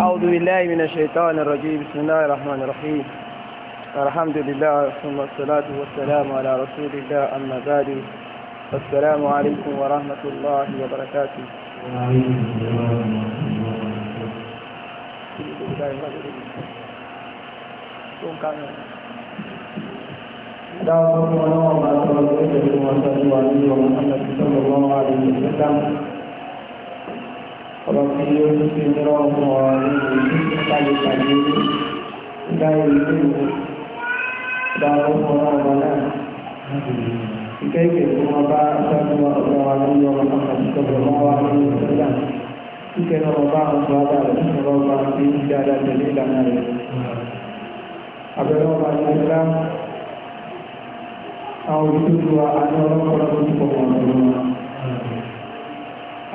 أعوذ بالله من الشيطان الرجيم بسم الله الرحمن الرحيم الحمد لله ثم الصلاة والسلام على رسول الله أما بعد السلام عليكم ورحمة الله وبركاته دعوة الله وبركاته وصلى الله عليه وسلم ọlọ́tí yóò tún fi mìíràn ọmọ ọ̀rẹ́ ìlú pàdépàdé ìgbà ìlú ìgbà ọmọ ọmọ náà ìkẹ́kẹ̀ẹ́ tí wọ́n bá sáájú ọ̀rọ̀ wa lórí ọmọ àkàtúntò ọmọ wa lórí ìṣẹ́lá kíkẹ́ náà wọ́n bá àwọn ọ̀dà rẹ̀ sọ̀rọ̀ ọba tí ń ṣe àdá tẹ̀lé ìlànà rẹ̀ abẹ́rẹ́ ọba ní ẹgbẹ́ àwọn òṣèlú wa àti ọlọ́pàá lọ́dún tó pọ̀ pọ̀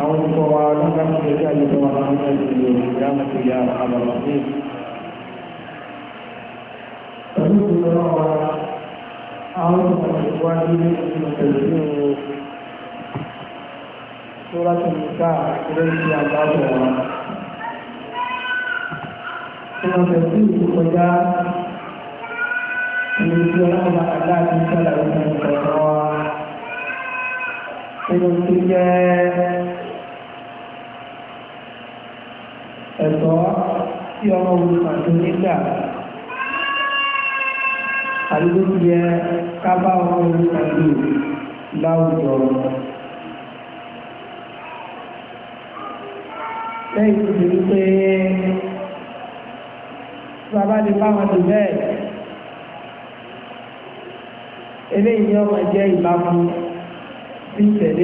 àwọn olùkọ́ wa lọ́gbà tó lè jẹ́ àyẹ̀wò wa máa ń bẹ̀rẹ̀ ìlú ìyá àti ìyá àbàlọ́ sí. pẹ̀lú ìlú wa àwọn olùkọ́ ti wá ní ìpèsè sóra tó ní ká ìrẹsì àbábọ̀ wa. ìrọ̀lẹ́ sí ìlú kọjá ìlú tí ọlọ́mọba aláàbí sọ̀rọ̀ ìtàn ìtàn wa. Nínú tó jẹ́ ẹ̀tọ́ tí ọmọ olùpàdé nígbà àdúgbò ti yẹ ọmọ olùpàdé láwùjọ lẹ́yìn tó ti pé bàbá ti bá tó bẹ́ẹ̀ eléyìí ni ọmọ jẹ́ ìbámu sí ìtẹ̀lé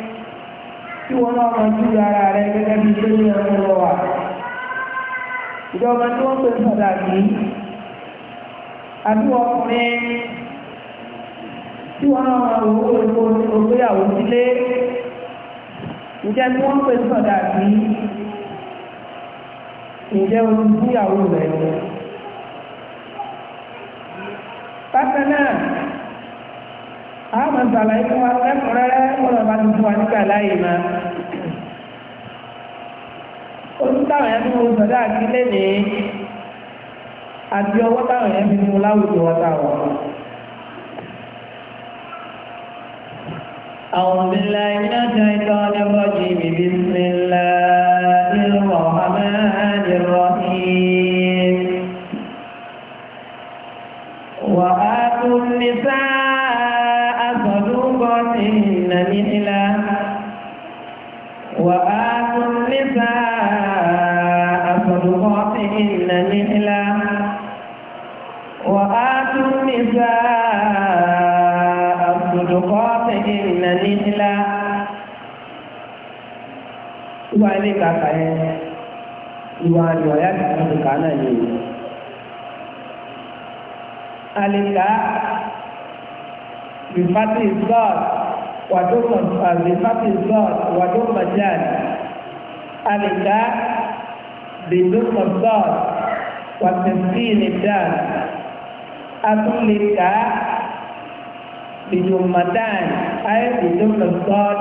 tí wọ́n náà máa ju ara rẹ̀ gẹ́gẹ́ bí ilé ní ọdún lọ wà. ìjọba tí wọ́n pè sọ̀dà kì í àbí ọkùnrin tí wọ́n náà máa wò ó lóko ògbéyàwó sílé ǹjẹ́ tí wọ́n pè sọ̀dà kì í rẹ̀ ni. bákan àwọn máa ṣàlàyé fún wa lẹ́kùnrẹ́rẹ́ wọ́n bá ti fún wa nígbà láàyè máa oṣù táwọn yẹn fún oṣù sọdá àti lẹ́nì àti ọwọ́ táwọn yẹn fi mú láwùjọ wọn táwọn. أعوذ بالله من الشيطان الرجيم بسم الله الرحمن الرحيم إن إلا وآتوا النساء صدقاتهن إن ìwà ilé kàkà yẹn ìwà àdìwà yá kàkà kàkà náà ni àlìkà rìfátì zọt wàdó màjáàdì àlìkà بدون مصدر وتمكين الدال أطلق بجمتان أي بدون مصدر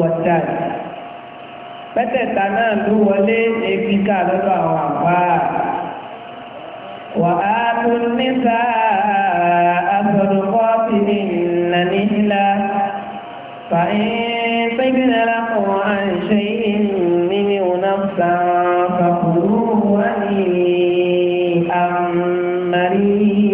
والدال mẹ́tẹ̀ẹ̀ta náà ló wọlé ebíkà lọ́dọ̀ àwọn àbá wà á tún níta àfọ̀dùkọ́ sí ní ìlànà nílá fàáyé pẹ́gbẹ́nà lápò àìṣe ìrìn nínú náà sáà مريئا مريئا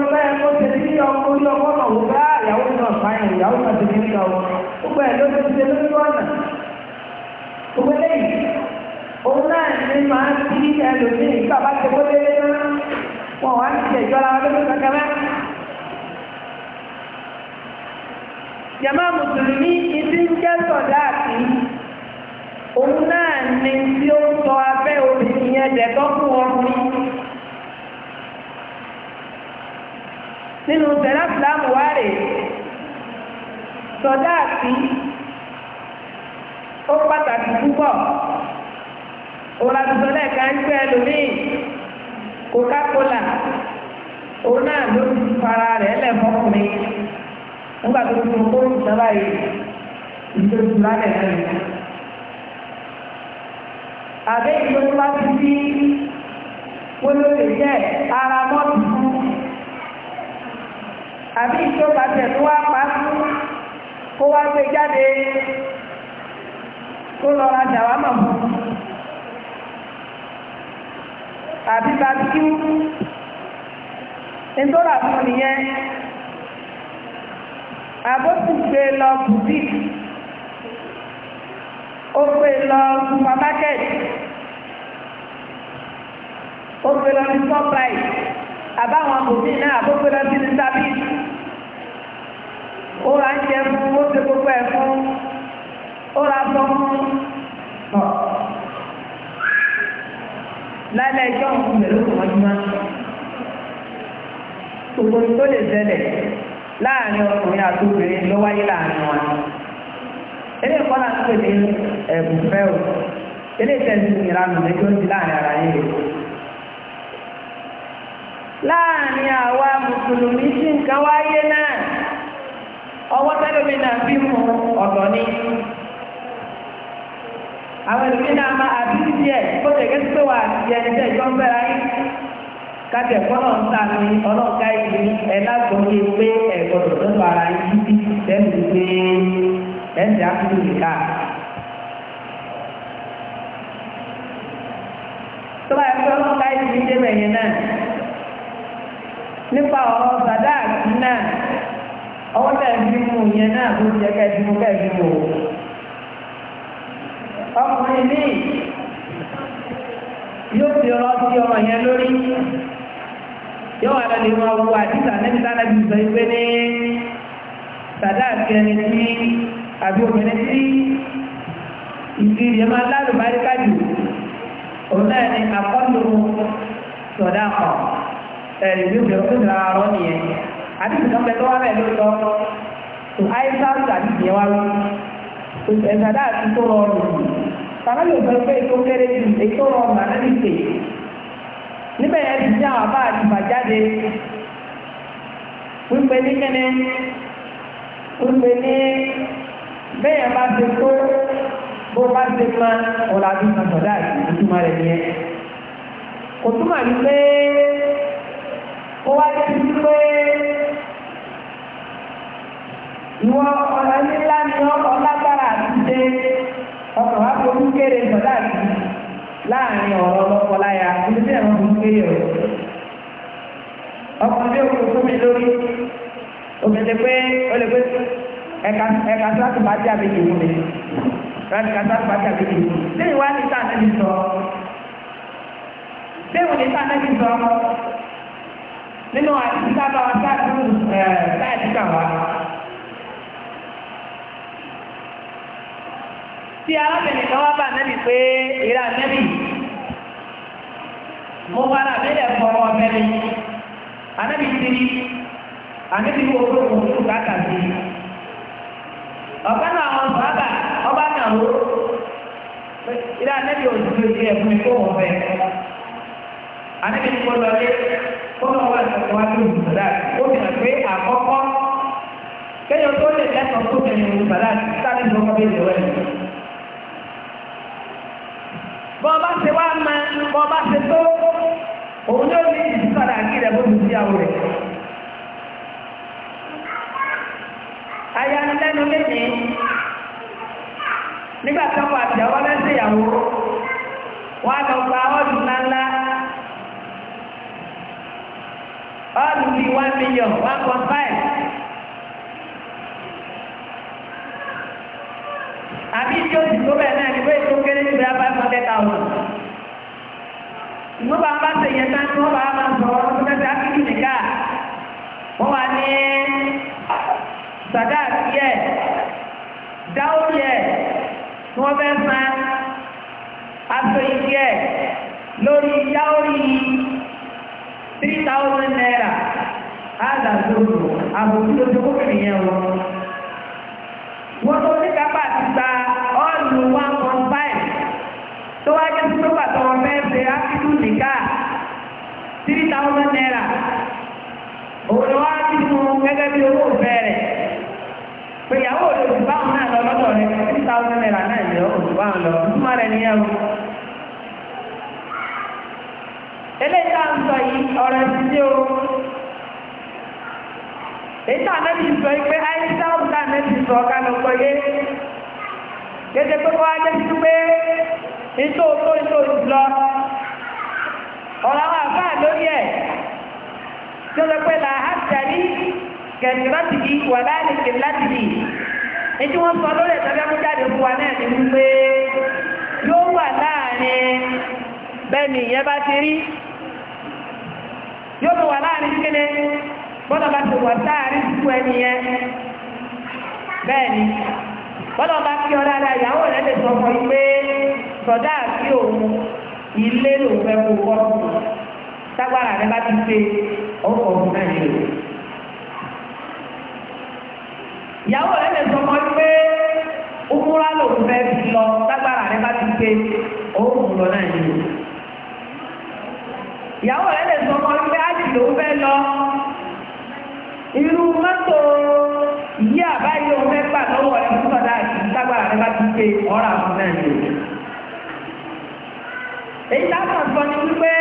ẹgbẹ́ ẹ̀kọ́ tẹ̀lé ní ọkọ̀ orí ọkọ̀ náà wò bá ìyàwó náà fáyìn ìyàwó náà ti ní ìgbà wọn gbogbo ẹ̀ ló ti ṣe lójú ọ̀nà gbogbo lẹ́yìn òun náà ní máa ti ẹlòmíì nígbà bá ti wọlé náà wọn wá ní ìjẹ́jọ́ ara lójú kankan mẹ́. jama mùsùlùmí ibi ń jẹ́ sọ̀dá àti òun náà ní tí ó sọ abẹ́ obìnrin yẹn tọ́kùn ọkùnrin nínú tẹ̀lá fìlàmù wá rè sọdá àti ó pàtàkì púpọ̀ òun àtúntò náà ká ń gbé ẹlòmíì Coca-Cola òun náà ló ti fara rẹ̀ lẹ́fọ́kùnrin nígbà tó ti mú kóòtù sábà yìí ìṣòro lálẹ́ náà yìí. àbẹ́ ìṣòro wá ti sí wọ́n ló lè jẹ́ ara mọ́tò fún àbí ìjọba tẹ̀ tó wá pa fún kó wá gbé jáde kó lọ ra dàwa mọ̀ fún àbí barbecue nítorí àfún nìyẹn àbókù gbé lọ boutique ó gbé lọ supermarket ó gbé lọ ní àbáwọn àbòmí náà àbókò lọ sí ní sábì ó ra ń jẹ fún ó ṣe gbogbo ẹ fún ó ra sọ fún ọ lálẹ́ ẹjọ́ òun pẹ̀lú ọmọdúnmá gbogbo tó lè ṣẹlẹ̀ láàrin ọkùnrin àti obìnrin ló wáyé láàrin wọn ilé ẹ̀kọ́ náà ń pè ní ẹ̀bùn fẹ́ o ilé ìtẹ̀sí ìranù lẹ́jọ́ sí láàrin ara yìí láàrin àwa mùsùlùmí sí nǹkan wáyé náà ọwọ́ tẹ́lómi náà fi mú ni àwọn èlòmí náà máa àbí díẹ̀ kó tẹ̀gẹ́ sí pé wà àti ẹni tẹ́ ìjọ ń bẹ̀rẹ̀ ayé kájẹ̀ kọ́nà ń ta ni ọlọ́ọ̀ká ìlú ẹ̀ lágbóyè pé ẹ̀ gbọ́dọ̀ tó bá ara yìí bí tẹ́lú pé ẹ̀ ń dà kúrò nìka. tó bá yẹ kó ọlọ́ọ̀ká ìlú dé bẹ̀yẹn náà nípa ọ̀rọ̀ sàdá àti náà ọwọ́ tẹ̀sí mu yẹn náà ló jẹ́ kẹ́sí mu kẹ́sí mu o ọkùnrin ní yóò fi ọ̀rọ̀ sí ọmọ yẹn lórí yóò wà lọ́dẹ̀ wọn wo àdìsá níbi tá láti sọ pé ní sàdá àti ẹni tí àbí obìnrin tí ìdílé máa lálùbáríkà jù òun náà ni àkọ́lù sọ̀dá kan ẹ̀rìn ìlú ìrọ̀kúnjẹ àárọ̀ nìyẹn àdìsí kan pẹ̀lú wà mẹ́lú lọ tó àìsáàtì àdìsí yẹn wá lọ ẹ̀sàdá àti tó rọrùn tàbí yóò fẹ́ pé tó kéré ju ètò rọrùn ànábì pè níbẹ̀ yẹn ti jẹ́ àwọn àbá àti bàjáde wípé ní kẹ́ni wípé ní bẹ́ẹ̀ bá ti tó bó bá ti mọ ọ̀làdùn àtọ̀dá àti ìtumọ̀ kò túmọ̀ ní pé ó wá jẹ́ sí pé ìwọ ọ̀nà ńlá ni ọkọ̀ lágbára àtúnṣe ọkọ̀ wá fojú kéré sọ̀dá àti láàrin ọ̀rọ̀ ọlọ́kọláya ibi tí ẹ̀rọ fojú kéré ọ̀rọ̀ ọkọ̀ tí ó kò fún mi lórí obìnrin pé ó lè pé ẹ̀ka tó láti bá dé àbí ìwú mi láti ká lẹ́yìn wá ní sáà náà ní sọ lẹ́yìn ní sáà náà ní sọ nínú àtìsábà wa táàtìkà wa tí arábìnrin kan wá bá nẹ́bì pé ìrà nẹ́bì mo wára abẹ́lẹ̀ fọwọ́ ọ̀bẹ̀rẹ̀ anábì ti rí anábì wo olóògùn tó káàkà sí ọ̀gá náà àwọn sọ́ábà ọba náà wó ìrà nẹ́bì òṣìṣẹ́ ìdí ẹ̀fún ẹ̀kọ́ ọ̀bẹ̀ anábì ti kọ́ lọ lé lórí ìsàlá ó ti hàn pé àkọ́kọ́ kéèyàn tó lè lẹ́sọ̀ tó tẹ̀lé lórí ìsàlá sáré ní ọkọ̀ bíi ìwẹ̀. bọ́ ọba ṣe wá ma bọ́ ọba ṣe tó òun ló ní ìsàlá kí rẹ̀ bó ti di àwọn rẹ̀. ayanilẹ́nu méje nígbà tó wà jẹ́ wọ́n lẹ́sẹ̀ ìyàwó wọ́n á lọ gba ọ́dún ńláńlá all will one million one point five. àbí tí ó ti tó bẹ́ẹ̀ náà ni wọ́n èso kéré ju bẹ́ẹ̀ five hundred thousand. ìwọ́n bá ń bá ṣe yẹn tán tí wọ́n bá máa sọ ọ́ tó fẹ́ẹ́ ákíkì nìkà wọ́n wà ní sàdáà yẹ dáwó yẹ tí wọ́n fẹ́ san aṣọ ìdí ẹ̀ lórí yáwó yìí three thousand naira áàdà lóòrò àbòkú lójú kókìrì yẹn wọn. wọ́n tó ní kápá ti gba ọ́ọ̀lù one point five tó wá jẹ́ sí pépà tó wọn fẹ́ẹ́ ṣe ákíkú nìkà three thousand naira òun wá ti fún gẹ́gẹ́ bí owó bẹ̀rẹ̀ pèyàwó olùbáwọn náà lọ lọ́dọ̀ rẹ̀ three naira náà yẹ olùbáwọn lọ ìtumọ̀ rẹ̀ nìyẹn eléta ń sọ yìí ọ̀rọ̀ ìdíje o èyí ànábì sọ pé àyíṣà ọ̀gá ànábì sọ ọ̀gá ló pọ̀ yé gẹ́gẹ́ pé wọ́n á jẹ́ sí pé ìtò tó ìtò ìlọ ọ̀rọ̀ àwọn àbá lórí ẹ̀ tí ó lọ pé là á jàrí kẹ̀sì láti di wà láàrin kẹ̀sì láti di èyí tí wọ́n sọ lórí ẹ̀sọ́ fẹ́ mú jáde fún wa náà ní wípé yóò wà láàrin bẹ́ẹ̀ni ìyẹn bá ti rí yóò wà láàrin kíni bọ́lá bá ti wà láàrin kú ẹni yẹn bẹ́ẹ̀ni bọ́lá bá kí ọ dáadáa ìyàwó rẹ̀ lè sọ fún pé sọ̀dá àti òun ilé lòun fẹ́ kó kọ́ sagbara rẹ̀ bá ti pé ọkọ̀ ọ̀hún náà ìyàwó rẹ̀ lè sọ fún pé. ìyàwó rẹ̀ lè sọ ọmọ wípé ájì lòún fẹ́ lọ irú mọ́tò yí àbáyé òun fẹ́ gbà lọ́wọ́ rẹ̀ fún sọ̀dá àti tágbà rẹ̀ bá ti ṣe ọ̀rọ̀ àwọn náà ni èyí láti sọ ni wípé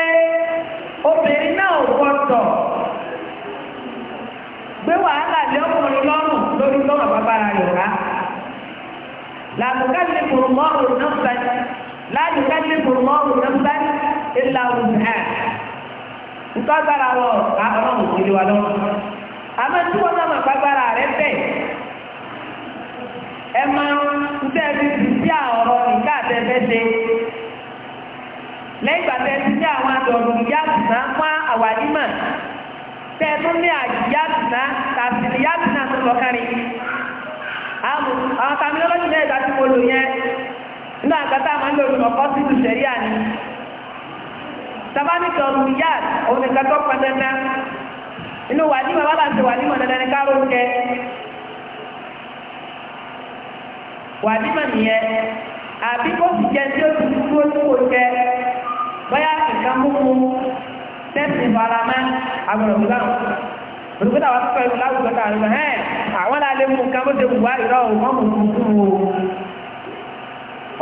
obìnrin náà ò gbọ́dọ̀ gbé wàhálà lé ọkùnrin lọ́rùn lórí lọ́rọ̀ bàbára rẹ̀ rà làbùkálẹ̀ kùrùmọ́rù náà láti kálẹ̀ kùrùmọ́rù náà ìlà òun hàn. ìtọ́gbára wọ ọlọ́run kò lè wà lọ́wọ́ àmọ́ tí wọ́n náà mọ̀ gbàgbára rẹ bẹ̀ ẹ máa ń tẹ́ fi sí ọ̀rọ̀ nìkà àtẹ́fẹ́ṣe lẹ́yìn ìgbà tẹ́ fi sí àwọn àdọ̀rù ìyá fún àwàdímọ̀ tẹ́ tún ní tàbí tó lọ kárí àwọn náà mo lò yẹn nínú àgbàtà sí ìlú sẹ́ríà ni. tabani dọ̀rùmíyàt òun nìkan tó pọn dandan inú wà ní bàbá láti wà ní mọ̀nàdàn ní káró jẹ wà ní mọ̀nìyẹn àbí kó sì jẹ tí ó ti dúró tí kò jẹ bóyá nǹkan múmu tẹ́sí faramẹ́ agbọ̀dọ̀gbọ̀ láwọn olùkọ́ tàwọn akọ́kọ́ ìlú láwùjọ tàà lọ ẹ́ àwọn alẹ́ mú nǹkan bóde wù wá ìrọ̀ òun mọ́mù tuntun o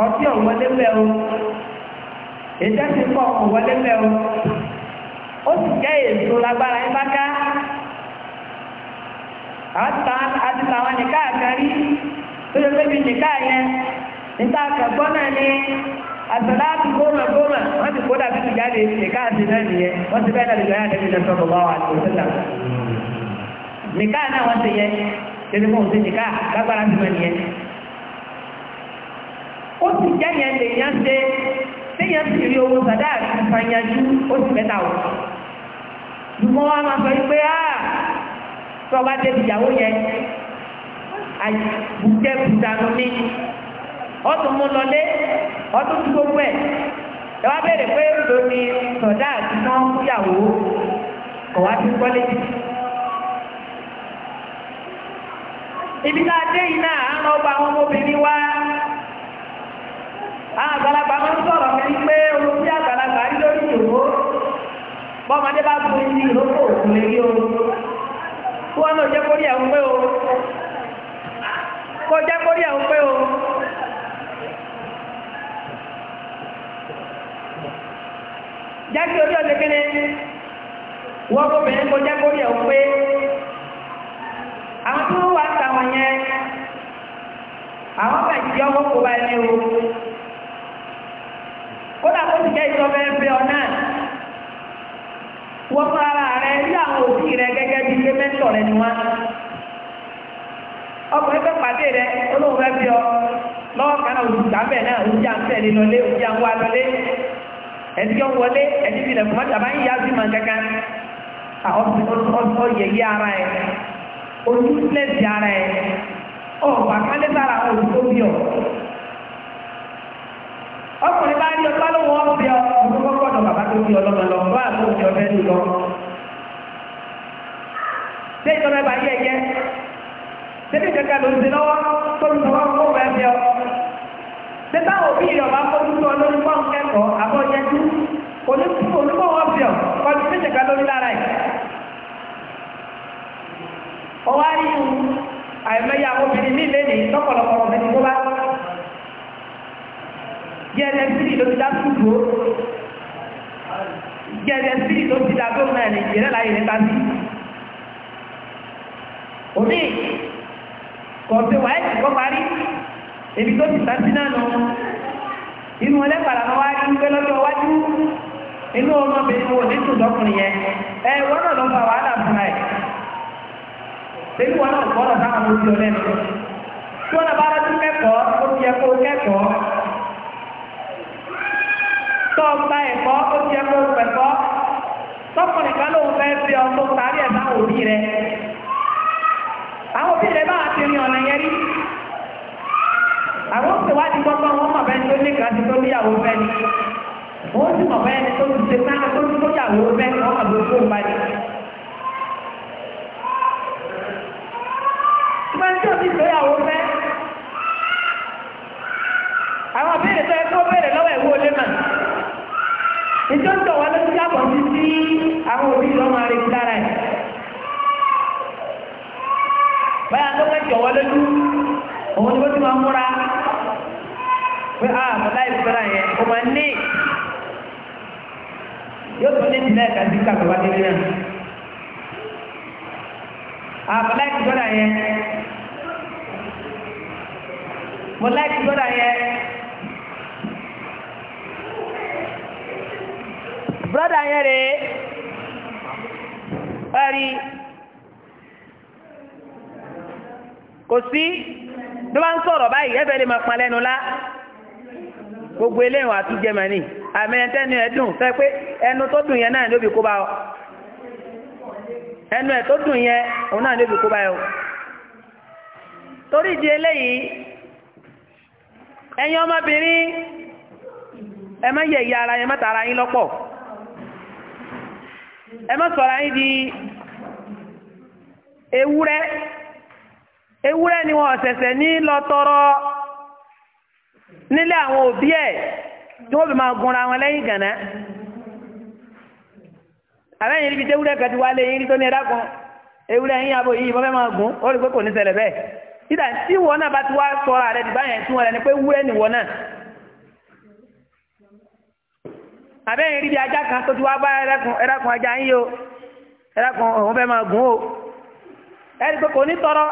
ọtí ọ̀wọ́dé bẹ́ẹ̀ o ìjẹ́ ti pọ̀ kò wọlé mẹ́ o ó sì jẹ́ èso lágbára yín bá ká àti tàwọn nìka àkárí tó yẹ pé bí nìka yẹn níta àkàgbọ́n náà ni àtàlá àti gómà gómà wọ́n ti kó dàbí ìjáde nìka àti náà nìyẹn wọ́n ti bẹ́ẹ̀ náà lè gbáyà lẹ́bi lẹ́sọ̀ bọ̀ báwa àti òṣèlú nìka náà wọ́n ti yẹ tẹ́lẹ̀ mọ́ òṣèlú nìka lágbára ti mọ̀ nìyẹn ó sì jẹ́ yẹn lè yán ṣe yẹn sì owó sàdá àti ìfanyanjú ó sì mẹ́ta o wa máa sọ pé á tó ọba débi ìyàwó yẹn àbùkẹ́ bùdànù ọtún mú lọlé ọtún gbogbo ẹ wá bẹ̀rẹ̀ pé ni sọ̀dá àti wọ́n fúyàwó kọ̀ wá sí ibi tá a dé yìí náà àwọn ọmọbìnrin wá. àgbàlagbà máa ń sọ̀rọ̀ mi pé ohun tí àgbàlagbà rí lórí ìró bọ́mọdé bá bu ibi ìrókò òkú lè rí o kí wọ́n náà jẹ́ kórí ẹ̀hún pé o kó jẹ́ kórí ẹ̀hún pé o. jákè orí ọ̀sẹ̀ kéde wọ́n kó bẹ̀rẹ̀ kó jẹ́ kórí ẹ̀hún pé àwọn tó wà sáwọn yẹn àwọn bẹ̀ ọkọ̀ kó bá ẹni o. kódà kó ti jẹ́ ìtọ́ bẹ́ẹ̀ bẹ́ẹ̀ ọ náà wọ́n fún ara rẹ rí àwọn òbí rẹ gẹ́gẹ́ bí ilé mẹ́tọ̀ rẹ ni wọ́n ọkùnrin fẹ́ pàdé rẹ olóhùn fẹ́ bí ọ lọ́wọ́ kan náà òjì sábẹ̀ náà òjì à ń lọlé ẹ̀dí wọlé ẹ̀dí bá ń yá sí màá kankan ara ẹ̀ ojú sílẹ̀ sí ara ẹ̀ ọ̀ ọkùnrin bá rí ọpá lóhun ọ̀bẹ ọ̀hún kọ́kọ́ ọ̀dọ̀ bàbá tó fi ọlọ́mọ lọ bá àbúrò ti ọ̀fẹ́ lù lọ. ṣé ìjọba ẹ̀bà yí ẹ̀yẹ ṣébí kankan ló ń ṣe lọ́wọ́ tó ń sọ fún ọ̀rẹ́ ẹ̀fẹ́ ọ. ṣé táwọn òbí rẹ̀ ọba fojúsọ lórí fọ́ọ̀n kẹ́kọ̀ọ́ àbọ̀ yẹjú olùkọ́ ọ̀bẹ ọ̀kọ́ àìmọye àwọn obìnrin nílé ní tọ́pọ̀lọpọ̀ obìnrin tó bá gẹ̀rẹ̀ sí ló ti dá túbò gẹ̀rẹ̀ sí ló ti dá gómìnà nàìjíríà láyé nípa sí òní kọ̀ọ̀tẹ̀ wà ẹ̀sìn kọ́ parí èmi tó ti sá sí náà nù inú ọlẹ́pàá làwọn wá rí pé lọ́jọ́ wájú inú ọmọbìnrin wo ní tòdọ́kùnrin yẹn ẹ wọ́n náà lọ fa wàhálà fún ẹ̀ lẹ́yìn wọn náà gbọ́dọ̀ táwọn ọmọ ojú ọlẹ́nu tí wọ́n náà bá rántí kẹ́kọ̀ọ́ tọ́ ọgbà ẹ̀kọ́ ó ti ẹ̀kọ́ pẹ̀kọ́ tọkùnrin kan lòun fẹ́ fi ọ tó ẹ̀ báwọn òbí rẹ àwọn òbí rẹ báwọn ti rìn ọ̀nà yẹn rí àwọn òṣèwádìí gbọ́gbọ́ wọn mọ̀ bẹ́ẹ̀ tó ní kan ti tó níyàwó fẹ́ ni wọ́n sì mọ̀ bẹ́ẹ̀ tó ti ṣe náà tó ti tó yàwó fẹ́ ni wọ́n mọ̀ bẹ́ẹ̀ tó ń bá ní. ìgbà tí òbí tó yàwó fẹ́ àwọn òbí rẹ tó yẹ kó béèrè lọ́wọ́ ẹ̀wọ́ ìjọ ń tọ̀ wá ló ti yàbọ̀ sí sí àwọn òbí lọ́ máa retí lára ẹ̀ báyà tó fẹ́ tọ̀ wá lójú òun ni ó ti máa múra pé a ah, àbọ̀lá ìfẹ́ra yẹn kò máa ní yóò tún ní ìpínlẹ̀ ẹ̀ka sí kàkọ́ wá délé náà àbọ̀lá ah, ìfẹ́ra yẹn mo láìpẹ́ yẹn. brother yẹn ọrịa kò sí bí wọ́n ń sọ̀rọ̀ báyìí ẹ̀bẹ̀ lè máa pa lẹ́nu lá gbogbo eléyìí àti germany àmì ẹ̀ńtẹ́nu ẹ̀dùn pé ẹnu tó dùn yẹn náà ní ọ ẹnu ẹ̀ tó dùn yẹn òun náà bá ọ torí di eléyìí ẹ̀yin ẹ ẹ má sọ̀rọ̀ di ni ní nílé àwọn òbí tí fi máa gunra wọn lẹ́yìn gànà àbẹ́yìn níbi tí ewúrẹ́ kan ti wá lé tó ní ẹ̀dá kan ewúrẹ́ yín àbò yìí wọ́n máa ó rí pé kò ní ni pé àbẹ́yìn rí bí ajá kan tó ti wá bá ẹ̀rẹ́kùn ẹ̀rẹ́kùn ajá yín yìí o ẹ̀rẹ́kùn òun fẹ́ máa gùn o ẹ̀rí pé kò ní tọrọ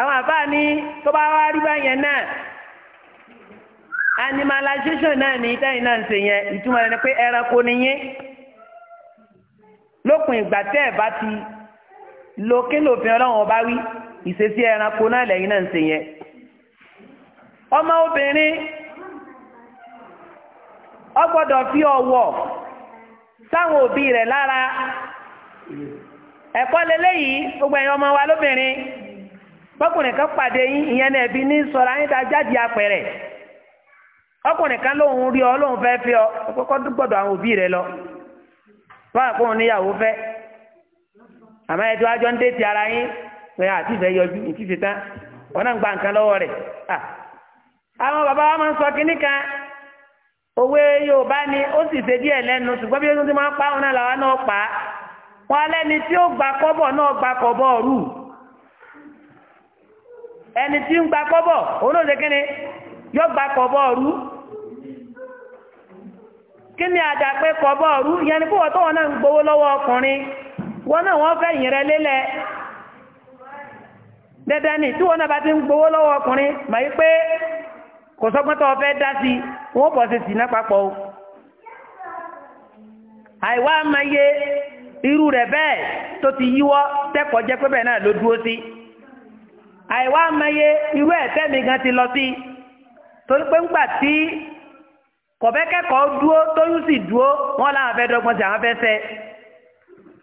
àwọn àbá ní tó bá wá rí báyẹn náà animalization náà ní tẹ́yìn náà ń ṣe yẹn ìtumọ̀ rẹ̀ ni pé ẹranko ni yín lópin ìgbà tẹ́ ẹ̀ bá ti lo kílòfin ọlọ́run ọba wí ìṣesí ẹranko náà lẹ́yìn náà ń ṣe yẹn ọmọ obìnrin. ọ gbọ́dọ̀ fi wọ, sáwọn òbí rẹ̀ lára ẹ̀kọ́ lélẹ́yìí gbogbo ọmọ wa lóbìnrin bọ́kùnrin kan pàdé ìyẹn náà ẹ̀bí ní sọ̀rọ̀ ayé jáde apẹ̀rẹ̀ ọkùnrin kan lóun rí ọ lóun fẹ́ fi ọ kọ́kọ́ àwọn òbí rẹ̀ lọ báwa kó òun níyàwó fẹ́ àmọ́ ẹjọ́ ajọ́ ara yín pé àti ìfẹ́ yọjú tán wọn náà ń gba nǹkan lọ́wọ́ òwe yorùbá ni ó sì ṣe díẹ̀ lẹ́nu ṣùgbọ́n bí wọ́n ti pa náà làwọn náà pa wọn tí ó gba kọ́bọ̀ náà gba kọ́bọ̀ rù ẹni tí ń gba kọ́bọ̀ òun náà ṣe kíni yóò gba kọ́bọ̀ rù kíni àdàpé kọ́bọ̀ rù ni fúwọ́ náà ń gbowó lọ́wọ́ ọkùnrin wọn náà wọ́n fẹ́ wọn náà bá ti ń gbowó lọ́wọ́ ọkùnrin kò sọ́gbọ́n tó fẹ́ dá sí wọ́n bọ̀ ṣe sìnà papọ̀ o àìwá máa yé irú rẹ̀ bẹ́ẹ̀ tó ti yíwọ́ tẹ́kọ̀ọ́ jẹ́ pé bẹ́ẹ̀ náà ló dúró sí àìwá máa yé irú ẹ̀ tẹ́mi gan ti lọ sí torí pé ńgbà tí kọ̀bẹ́kẹ́kọ̀ọ́ dúró tóyún sì dúró wọ́n láwọn fẹ́ dọ́gbọ́n sí àwọn fẹ́ fẹ́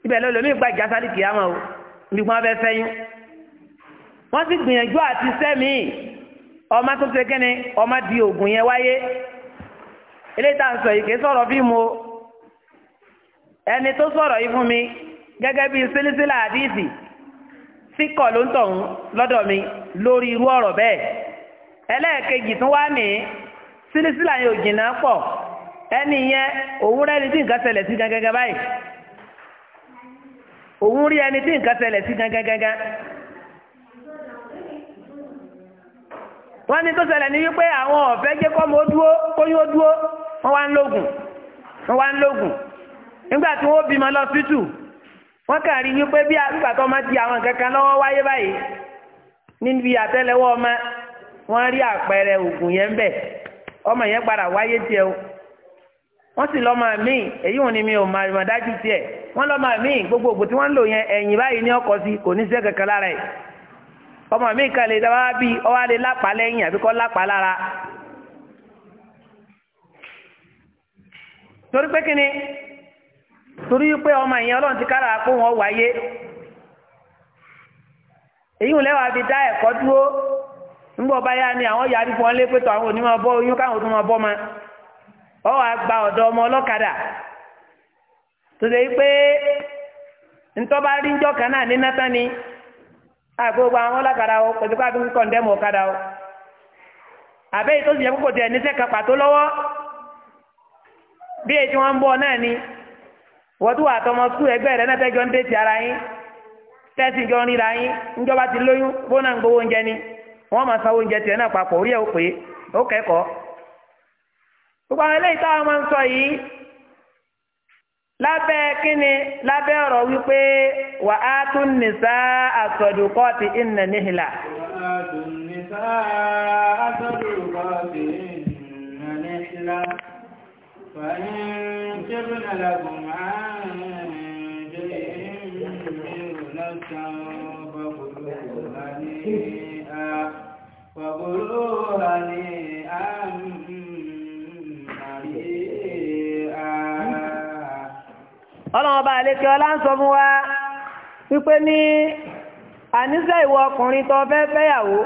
ibẹ̀ ló lómi gba ìjà sálì kìámọ̀ o níbi wọ́n fẹ́ fẹ́yún wọ́n sì gbìyànjú àti sẹ́mi ọmọ tó tẹ kíni ọmọ di oògùn yẹn wáyé eléyìí tá à ń sọ yìí sọ̀rọ̀ bí mo ẹni tó sọ̀rọ̀ yìí fún mi gẹ́gẹ́ bí sílísílà àdìsì tí kọ̀ ló ń tọ̀hún lọ́dọ̀ mi lórí irú ọ̀rọ̀ bẹ́ẹ̀ ẹlẹ́ẹ̀kejì tún wá ní sílísílà yóò jìnnà pọ̀ ẹni yẹn òun rẹ́ni tí nǹkan ṣẹlẹ̀ sí gangan báyìí òun rí ẹni tí nǹkan ṣẹlẹ̀ sí gangan gangan. wọ́n ní tó sẹlẹ̀ ní wípé àwọn ọ̀fẹ́ jẹ́ kọ́mọ dúró kóyún ó dúró wọ́n wá ń lóògùn wọ́n wá ń lóògùn nígbà tí wọ́n bímọ lọ sítù wọ́n aka rí wípé bí àgbà tó máa di àwọn kankan lọ́wọ́ wáyé báyìí níbi àtẹ́lẹwọ́ ọmọ wọ́n rí àpẹẹrẹ yẹn bẹ̀ ọmọ yẹn padà wáyé tiẹ̀ o wọ́n sì lọ́mọ mi èyí wọn ni mi ò máa dájú tiẹ̀ wọ́n lọ́mọ mi tí wọ́n ń lò yẹn ẹ̀yìn báyìí ní ọkọ̀ sí kò ní sẹ́ ọmọ mi kan lè dábàá bí ọwọ́ alẹ́ lápá lẹ́yìn àbí kọ́ lápá lára torí pé kíni torí pé ọmọ yẹn ọlọ́run ti kára kó wọn wáyé èyí ń lẹ́wàá fi dá ẹ̀kọ́ dúró nígbà ọba yá ni àwọn yàrá fún ọ lé pẹ̀tọ̀ àwọn onímọ̀ bọ́ oyún káwọn tó bọ́ ma ọmọ ọlọ́kadà tó pé ntọ́ba rí njọ́ kan náà ní ni. gbogbo àwọn ọlọ́kadà o kò sí pé àdúgbò kọ̀ndẹ́mù ọ̀kadà o àbẹ́ yìí tó sì yẹ kókò bí ń bọ̀ náà ni wọ́n tún wà tọmọ sùkúù ẹgbẹ́ rẹ náà tẹ́jọ́ ń ti ara yín tẹ́sí jọ ń ríra yín ti lóyún ń gbowó oúnjẹ ni wọ́n máa sanwó oúnjẹ tiẹ̀ náà papọ̀ orí ẹ̀ ó pè é ó kẹ́kọ̀ọ́ lábẹ́ kíni lábẹ́ ọ̀rọ̀ wípé wà á tún nìsá àsọ̀dùkọ́ ti ìnà níhìlà. wà ìnà níhìlà. فإن تبن لكم عن شيء منه نفسا فكلوه هنيئا ọlọ́wọ́n bá lékè ọlá ń sọ fún wa wípé ní àníṣe ìwọ ọkùnrin tó fẹ́ fẹ́yàwó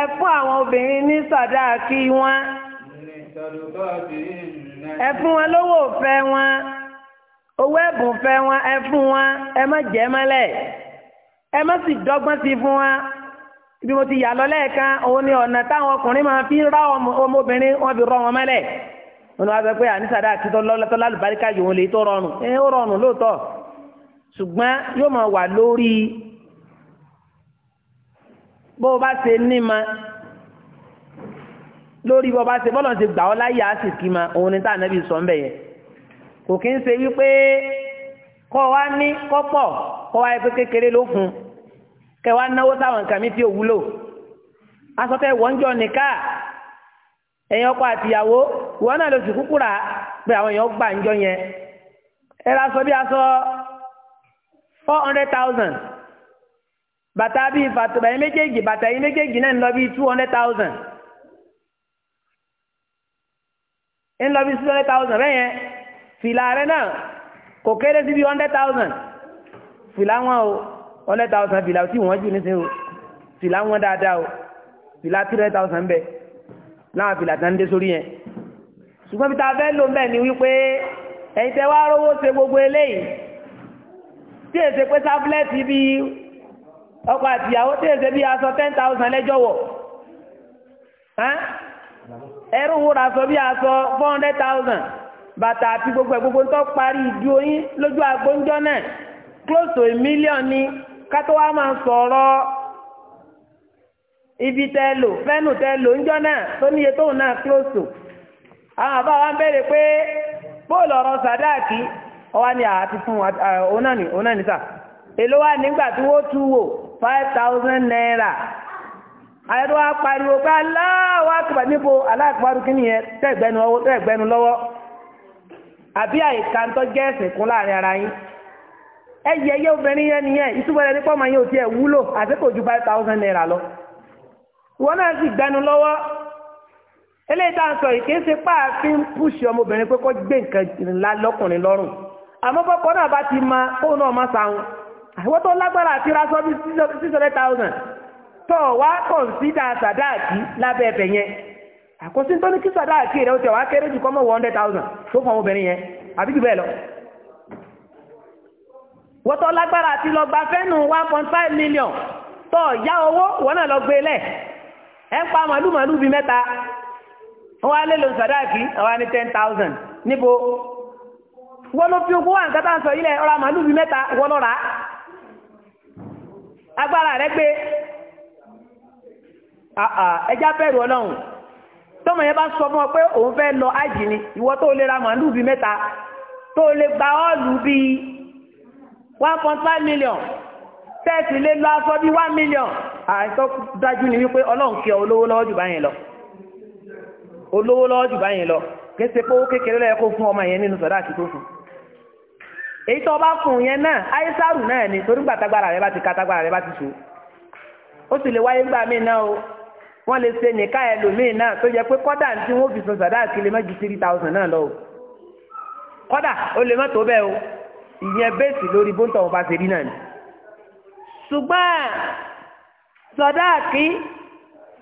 ẹ fún àwọn obìnrin ní sàdáàkì wọn ẹ fún wọn lówó fẹ́ wọn owó ẹ̀bùn fẹ́ wọn ẹ fún wọn ẹ má jẹ́ mọ́lẹ̀ ẹ má sì dọ́gbọ́n sí fún wọn bí mo ti yà lọ lẹ́ẹ̀kan òun ni ọ̀nà táwọn ọkùnrin máa fi rá ọmọbìnrin wọn fi rọ wọn mọ́lẹ̀ wọn wá sọ pé ànísàdá àti tọ́lá àlùbáríkà yìí òun lè tó rọrùn ẹ ó rọrùn lóòótọ́ ṣùgbọ́n yóò máa wà lórí bó o bá ṣe ní ma lórí bó o bá ṣe bọ́lọ̀ ṣe gbà ọ́ láyé àsìkí ma òun ni táà nẹ́bí sọ ń bẹ̀ yẹn kò kí ń ṣe wípé kọ́ wa ní kọ́pọ̀ kọ́ wa pé kékeré ló fún kẹ́ wa náwó táwọn nǹkan mi fi òwúlò asọ́tẹ̀ wọ́njọ́ nìkan ẹ̀yin ọkọ àtìyàwó ìwọ náà ló sì kúkú rà pé àwọn èèyàn gbà ń jọ yẹn ẹ ra sọ bí aṣọ four hundred thousand bàtà bíi bàtà yín méjèèjì bàtà yín méjèèjì náà ń lọ bíi two hundred thousand ń lọ bíi two hundred thousand bẹ́ẹ̀ yẹn fìlà rẹ náà kò kéré sí bíi hundred thousand fìlà wọn o hundred thousand fìlà tí wọ́n jù nísìnyí o fìlà wọn dáadáa o fìlà three hundred thousand bẹ́ẹ̀ láwọn fìlà tán dé sórí yẹn ṣùgbọ́n bí ta fẹ́ lò mẹ́ ni wípé ẹ̀yin tẹ́ wá rówó ṣe gbogbo eléyìí tí èsè pé sáfúlẹ́ẹ̀tì bí ọkọ̀ àtìyàwó tí èsè bí aṣọ ten thousand lẹ́jọ́ wọ̀ ẹ̀rù wúra sọ bí aṣọ four hundred thousand bàtà àti gbogbo ẹ̀ gbogbo tó parí ìdí oyin lójú agbóńjọ́ náà close to a million ni ká tó wá máa sọ̀rọ̀ ibi tẹ́ lò fẹ́nu njọ lò ńjọ́ náà tó níye tóun náà kílòsò àwọn àbá wa ń bẹ̀rẹ̀ pé bóòlù ọ̀rọ̀ sàdáàkì ọwá ni àti fún òun náà ní òun náà ní sà èló nígbà tí wọ́n tú wò five thousand naira àyẹ̀dọ́ wa pariwo pé níbo lọwọ àbí àyíká ń kún láàrin ara yín obìnrin yẹn nìyẹn yẹn ò tiẹ̀ wúlò àti kò ju five thousand naira lọ. wọn náà sì gbanu lọ́wọ́ eléyìí ń sọ yìí páàfin púṣì ọmọbìnrin gbé nǹkan lọ́kùnrin náà bá ti ma kóun náà má sàrùn àwọn tó lágbára àti ra bí six hundred tó wá kọ̀ǹsídà lábẹ́ ẹ̀fẹ̀ yẹn àkọsí tó ní kí thousand tó fún ọmọbìnrin yẹn àbí ẹ ń pa màálù màálù bíi mẹ́ta wọ́n lè sàdáàkì àwọn ten thousand níbo wọ́n ló fi ogún wà nǹkan tá à ń sọ yìí lẹ̀ ọ̀rọ̀ mẹ́ta wọ́n lọ́ra agbára rẹ pé ẹja bẹ̀rù ọlọ́run tọ́mọ yẹn bá sọ fún ọ pé òun fẹ́ lọ ni gba ọ́ọ̀lù bíi million. tẹ́ẹ̀sì lé lọ aṣọ bí one million àìsàn dájú ni wípé ọlọ́run kí ọ olówó lọ́wọ́ jù báyẹn lọ olówó lọ́wọ́ jù báyẹn lọ kése pówó kékeré lọ́yẹ kó fún ọmọ yẹn nínú sọ̀dá àti tó fún èyí tó bá fún yẹn náà àìsàrù náà ni torí gbàtagbára rẹ bá ti katagbára rẹ bá ti so ó sì lè wáyé gbà mí náà o wọ́n lè ṣe nìka ẹlòmíì náà tó yẹ pé kọ́dà tí wọ́n fi sọ sọ̀dá àti lè má three thousand náà lọ o kọ́dà ó lè má tó bẹ́ẹ̀ o ìyẹn bẹ́ẹ̀sì lórí bóńtọ̀ wọn ṣe rí náà ni. ṣùgbọ́n sọdáàkì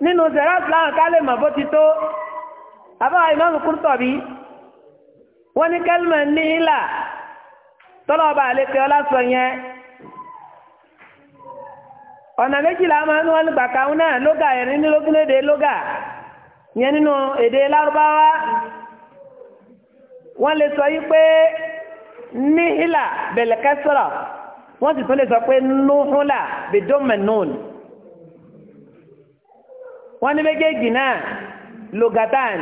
nínú zẹ̀rọ̀ fúláwọn ká lè mọ̀ bó ti tó àbáwá ìmáàmù Kúrútọ̀bí wọ́n ní kẹ́lìmọ̀ ní ìlà tọ́lọ̀ ọba ọlásọ yẹn ọ̀nà méjìlá máa ń wọ́n ní gbàkàún náà lóga ẹ̀rín ní lóga sọ yí pé ní ìlà wọ́n sì tún lè sọ pé nuhula bidomenon wọ́n ní méjèèjì náà logatan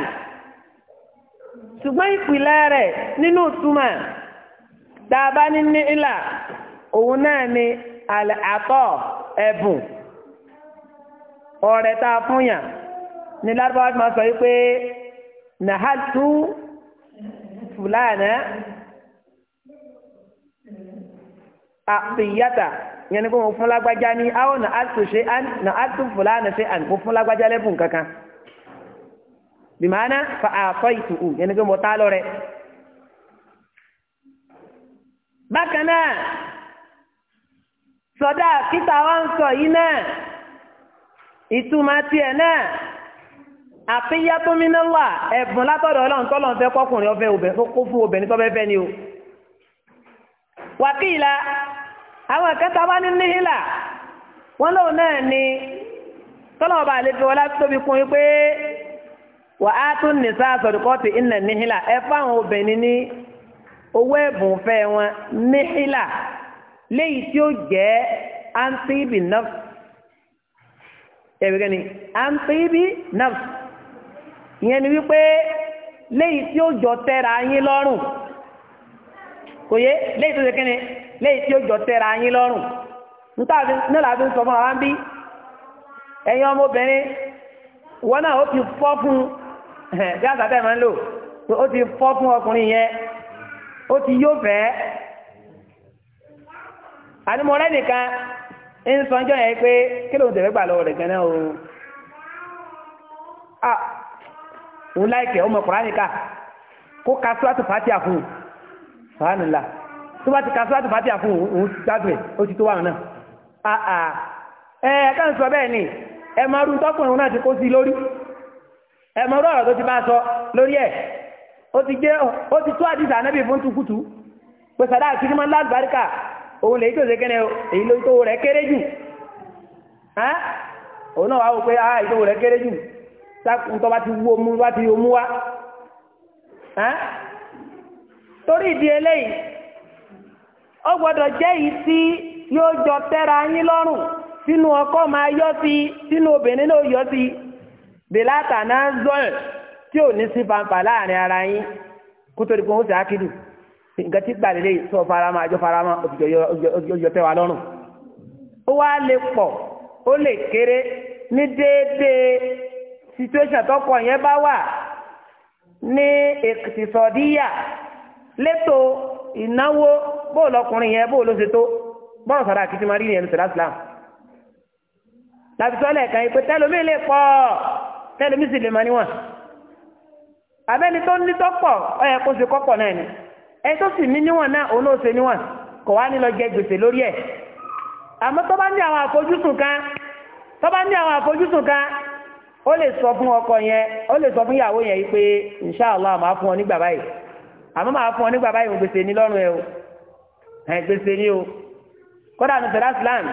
ṣùgbọ́n ìpìlẹ̀ rẹ̀ nínú túmọ̀ tá a bá ní ní ìlà òun náà ni àtọ̀ ẹ̀bùn ọ̀rẹ́ tá a fún yàn ní lárúbáwá ti máa sọ yìí pé nàhàtú fúlànà. a yẹn ni kò fún lágbájá ní àwọn na átù ṣe án ṣe án fún lágbájá lẹ́bùn kankan bìmọ̀nà fa àkọ́ ìtùkù yẹn ni kò mo tá lọ́rẹ́. bákan náà sọdá kíta wa sọ yìí náà ìtumọ̀ tiẹ̀ náà àfíyàtò ẹ̀bùn látọ̀dọ̀ ọlọ́run àwọn kẹta wá ní níhìlà wọn lóun náà ni tọ́lọ́wọ́ bá lè fi wọlá tóbi kún yín pé wà á tún nìsa sọ̀dùkọ́tì ìnà níhìlà ẹ fáwọn obìnrin ní owó ẹ̀bùn fẹ́ wọn níhìlà léyìí tí ó jẹ́ antibi nafs ẹ̀wẹ̀gẹ́ antibi nafs ìyẹn ni wípé léyìí tí ó jọ tẹ́ra yín lọ́rùn. kò yé léyìí tó ṣe kíni léyìí tí ó jọ tẹ́ra yín lọ́rùn nítorí náà làbí ń sọ fún wa bí ẹ̀yin ọmọbìnrin wọn náà ó ti fọ́ fún bí ti fọ́ fún ọkùnrin yẹn ti yóò fẹ́ àdìmọ̀rẹ́ nìkan ń yẹn pé kí ló ń tẹ̀lé o òun ah, láìkẹ́ kó ka sàánìlà tó bá ti ka sọ́wọ́tò fàtíà fún òun ti gbádùn ẹ̀ ó ti tó wà náà àà ẹ káà ń sọ bẹ́ẹ̀ ni ẹ máa rú tọkùnrin náà ti kó sí lórí ẹ máa rú ọ̀rọ̀ tó ti bá sọ lórí ẹ̀ ó ti gbé ó ti tó àdìsá anábì fún tukutu pé sàdá àkíní máa ń lálùbáríkà òun lè tó ṣe kẹ́nẹ̀ èyí ló tó rẹ̀ kéré jù òun náà wà wò pé ah ìtòwò rẹ̀ kéré jù tó bá ti wú omu wá ti omu wá. torí ìdí eléyìí ó gbọ́dọ̀ jẹ́ yìí tí yóò jọ tẹ́ra yín lọ́rùn sínú ọkọ máa yọ sí sínú obìnrin náà yọ sí bèlátà náà zọ́ọ̀ tí ò ní sí fanfà láàrin ara yín kó tó di pé sì ákìdù nǹkan tí gbà lélẹ́yìí sọ farama àjọ farama òjò lọ́rùn ó wá lè pọ̀ ó lè kéré ní déédéé situation tọkọ yẹn bá leto ìnáwó bóòlù ọkùnrin yẹn bóòlù ṣe tó bọ́ọ̀ sọ̀rọ̀ àti tìmọ̀ rírì ẹnu sọ̀rọ̀ le làbísọ́ lẹ́ẹ̀kan yìí pé tẹ́lómi lè pọ̀ tẹ́lómi sì lè mọ níwọ̀n abẹ́ni tó ní tọ́pọ̀ ọ yẹ kó ṣe kọ́pọ̀ náà ni ẹni tó sì ní níwọ̀n náà òun náà ṣe níwọ̀n kò wá ní lọ jẹ gbèsè lórí ẹ̀ àmọ́ tó bá ní àwọn àfojúsùn kan tó bá ní sọ fún ọkọ yẹn ó lè sọ fún ìyàwó yẹn yìí pé inshallah máa fún ọ nígbà báyìí àmọ́ màá fún ọ nígbà báyìí gbèsè ní lọ́rùn ẹ o ẹ̀ gbèsè ní o kódà ní sẹ́dá islam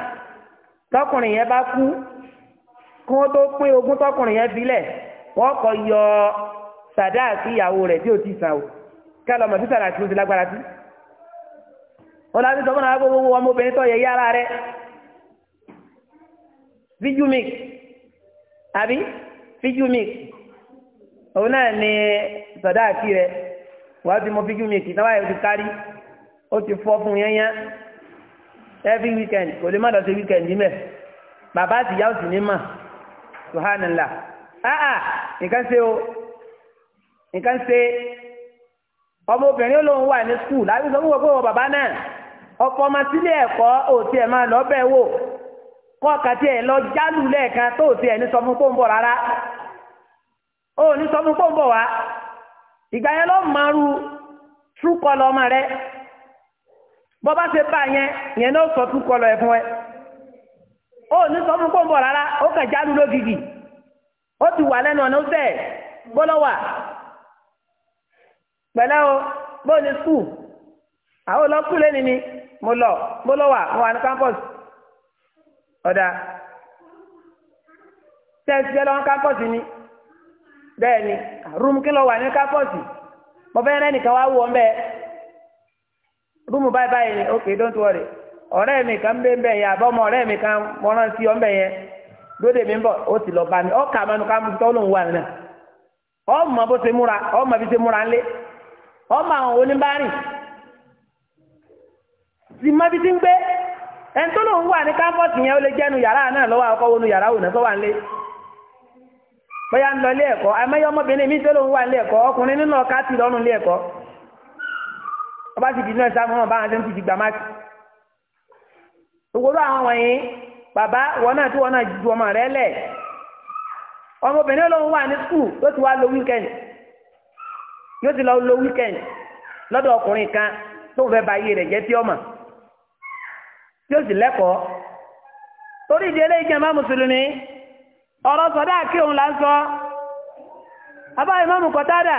tọkùnrin yẹn bá kú kí wọ́n tó pé ogún tọkùnrin yẹn bílẹ̀ wọ́n kọ yọ sàdáàkì ìyàwó rẹ̀ tí ò ti sàn o kẹlọ mọ̀ sí sàdáàkì ó ti lágbára sí. ó lọ sí sọ fúnra gbogbo owó ọmọbìnrin tó yẹ yára rẹ̀ fijumik àbí fijumik òun náà ní sàdáàkì rẹ̀ wàá ti mọ fíjú mi kì náà wáyé ti kárí ó ti fọ́ fún yányá every weekend kò lè má lọ sí weekend mẹ́ bàbá àti ìyá ò sì ní mà subhanallah áà nǹkan ṣe o nǹkan ṣe ọmọbìnrin olóhùn wà ní skul láti sọ fún wọn pé wọn bàbá náà ọ̀pọ̀ ọmọ sílé ẹ̀kọ́ òtí ẹ̀ máa lọ bẹ́ẹ̀ wò kọ́ kàtí ẹ̀ lọ jálù lẹ́ẹ̀kan tó òtí ní sọ ń bọ̀ rárá ó ní sọ ń bọ̀ wá ìgbà yẹn lọ mọ̀ọ́rù true color ọmọ rẹ bọ́ bá ṣe bá yẹn yẹn náà sọ true color ẹ̀ fún ẹ ó ní sọ fún pọ́ńpọ̀ rárá ó kàn jáde lógìgì ó ti wà lẹ́nu ọ̀nà ó bẹ̀ gbọ́dọ̀ wà pẹ̀lẹ́ o bó ní skul àwọn olókùn lé ní ni mo lọ gbọ́dọ̀ wà mo wà ní campus ọ̀dà tẹ́sí ẹ lọ́wọ́ campus ni. bẹ́ẹ̀ ni rúùmù kí ló wà ní kápọ́ọ̀sì mo fẹ́ rẹ́ nìkan wá wọ ọ́ bẹ́ẹ̀ rúùmù báyìí báyìí ni ok don't worry ọ̀rẹ́ mi kan ń bẹ́ yẹn àbọ̀ ọ̀rẹ́ mi kan yẹn lóde mi ń bọ̀ ó lọ bá mi ọkà ká mú wà nínú ọmọ bó ṣe múra ọmọ bí ṣe múra ọmọ àwọn oníbárìn sì mọ bí ti ń gbé ẹni wà bóyá ń lọ ilé ẹ̀kọ́ àmọ́yé ọmọbìnrin mi tó lòun wà nílé ẹ̀kọ́ ọkùnrin nínú ọ̀ká ti ilé ẹ̀kọ́ ọba ti sáà báwọn ṣe ń ti gbà má àwọn wọ̀nyí bàbá wọn náà tí wọn náà ju ọmọ rẹ lẹ̀ skul yóò ti wá lo yóò ti lọ lo kan tóun fẹ́ ba iye rẹ̀ jẹ́ ọmọ yóò sì lẹ́kọ̀ọ́ torí ọ̀rọ̀ sọ̀dá kí òun là ń sọ kọ̀tádà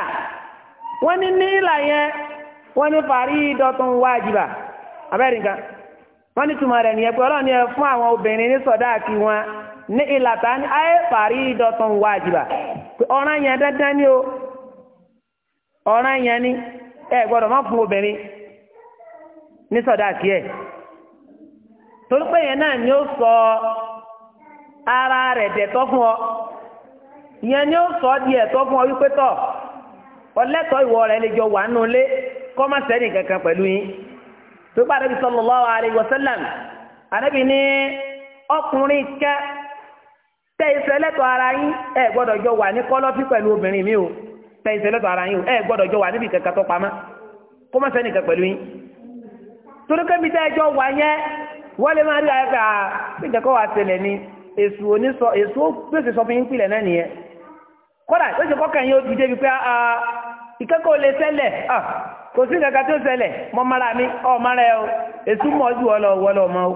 wọ́n ní nílà yẹn wọ́n ní fàárí dọ̀tún wájibà abẹ́rẹ́ nǹkan wọ́n ní túmọ̀ rẹ̀ nìyẹn pé ọlọ́run ni ẹ fún àwọn obìnrin ní sọ̀dá kí wọn ní ìlà tá ní ayé fàárí ọ̀ràn yẹn dandan o ọ̀ràn yẹn ni ẹ gbọ́dọ̀ má fún obìnrin ní sọ̀dá kí ẹ torí pé sọ ara rẹ̀ dẹ̀tọ́ fún ọ ni ó sọ di ẹ̀tọ́ fún ọ wípé tọ̀ ọlẹ́tọ̀ ìwọ rẹ̀ jọ wà nù lé kọ́ má sẹ́ni kankan pẹ̀lú yín tó bá rẹ̀ bí sallallahu alaihi wasallam àrẹ́bí ní ọkùnrin kẹ́ tẹ ara yín gbọ́dọ̀ jọ wà ní pẹ̀lú obìnrin mi o tẹ ara yín o jọ wà níbi kankan tó pamọ́ má pẹ̀lú yín torí wà yẹn wọ́n lè rí èsù onísọ èsù ó gbèsè sọ fún yín pìlẹ̀ náà nìyẹn kódà ó ṣe kọ́kàn yín ó dìde bíi pé ah, ah, ìkẹ́kọ̀ọ́ lè ṣẹlẹ̀ ah, kò sí tó mọ́ mara mi ọ mara ẹ o èsù mọ̀ ju ọlọ wọlọ mọ́ o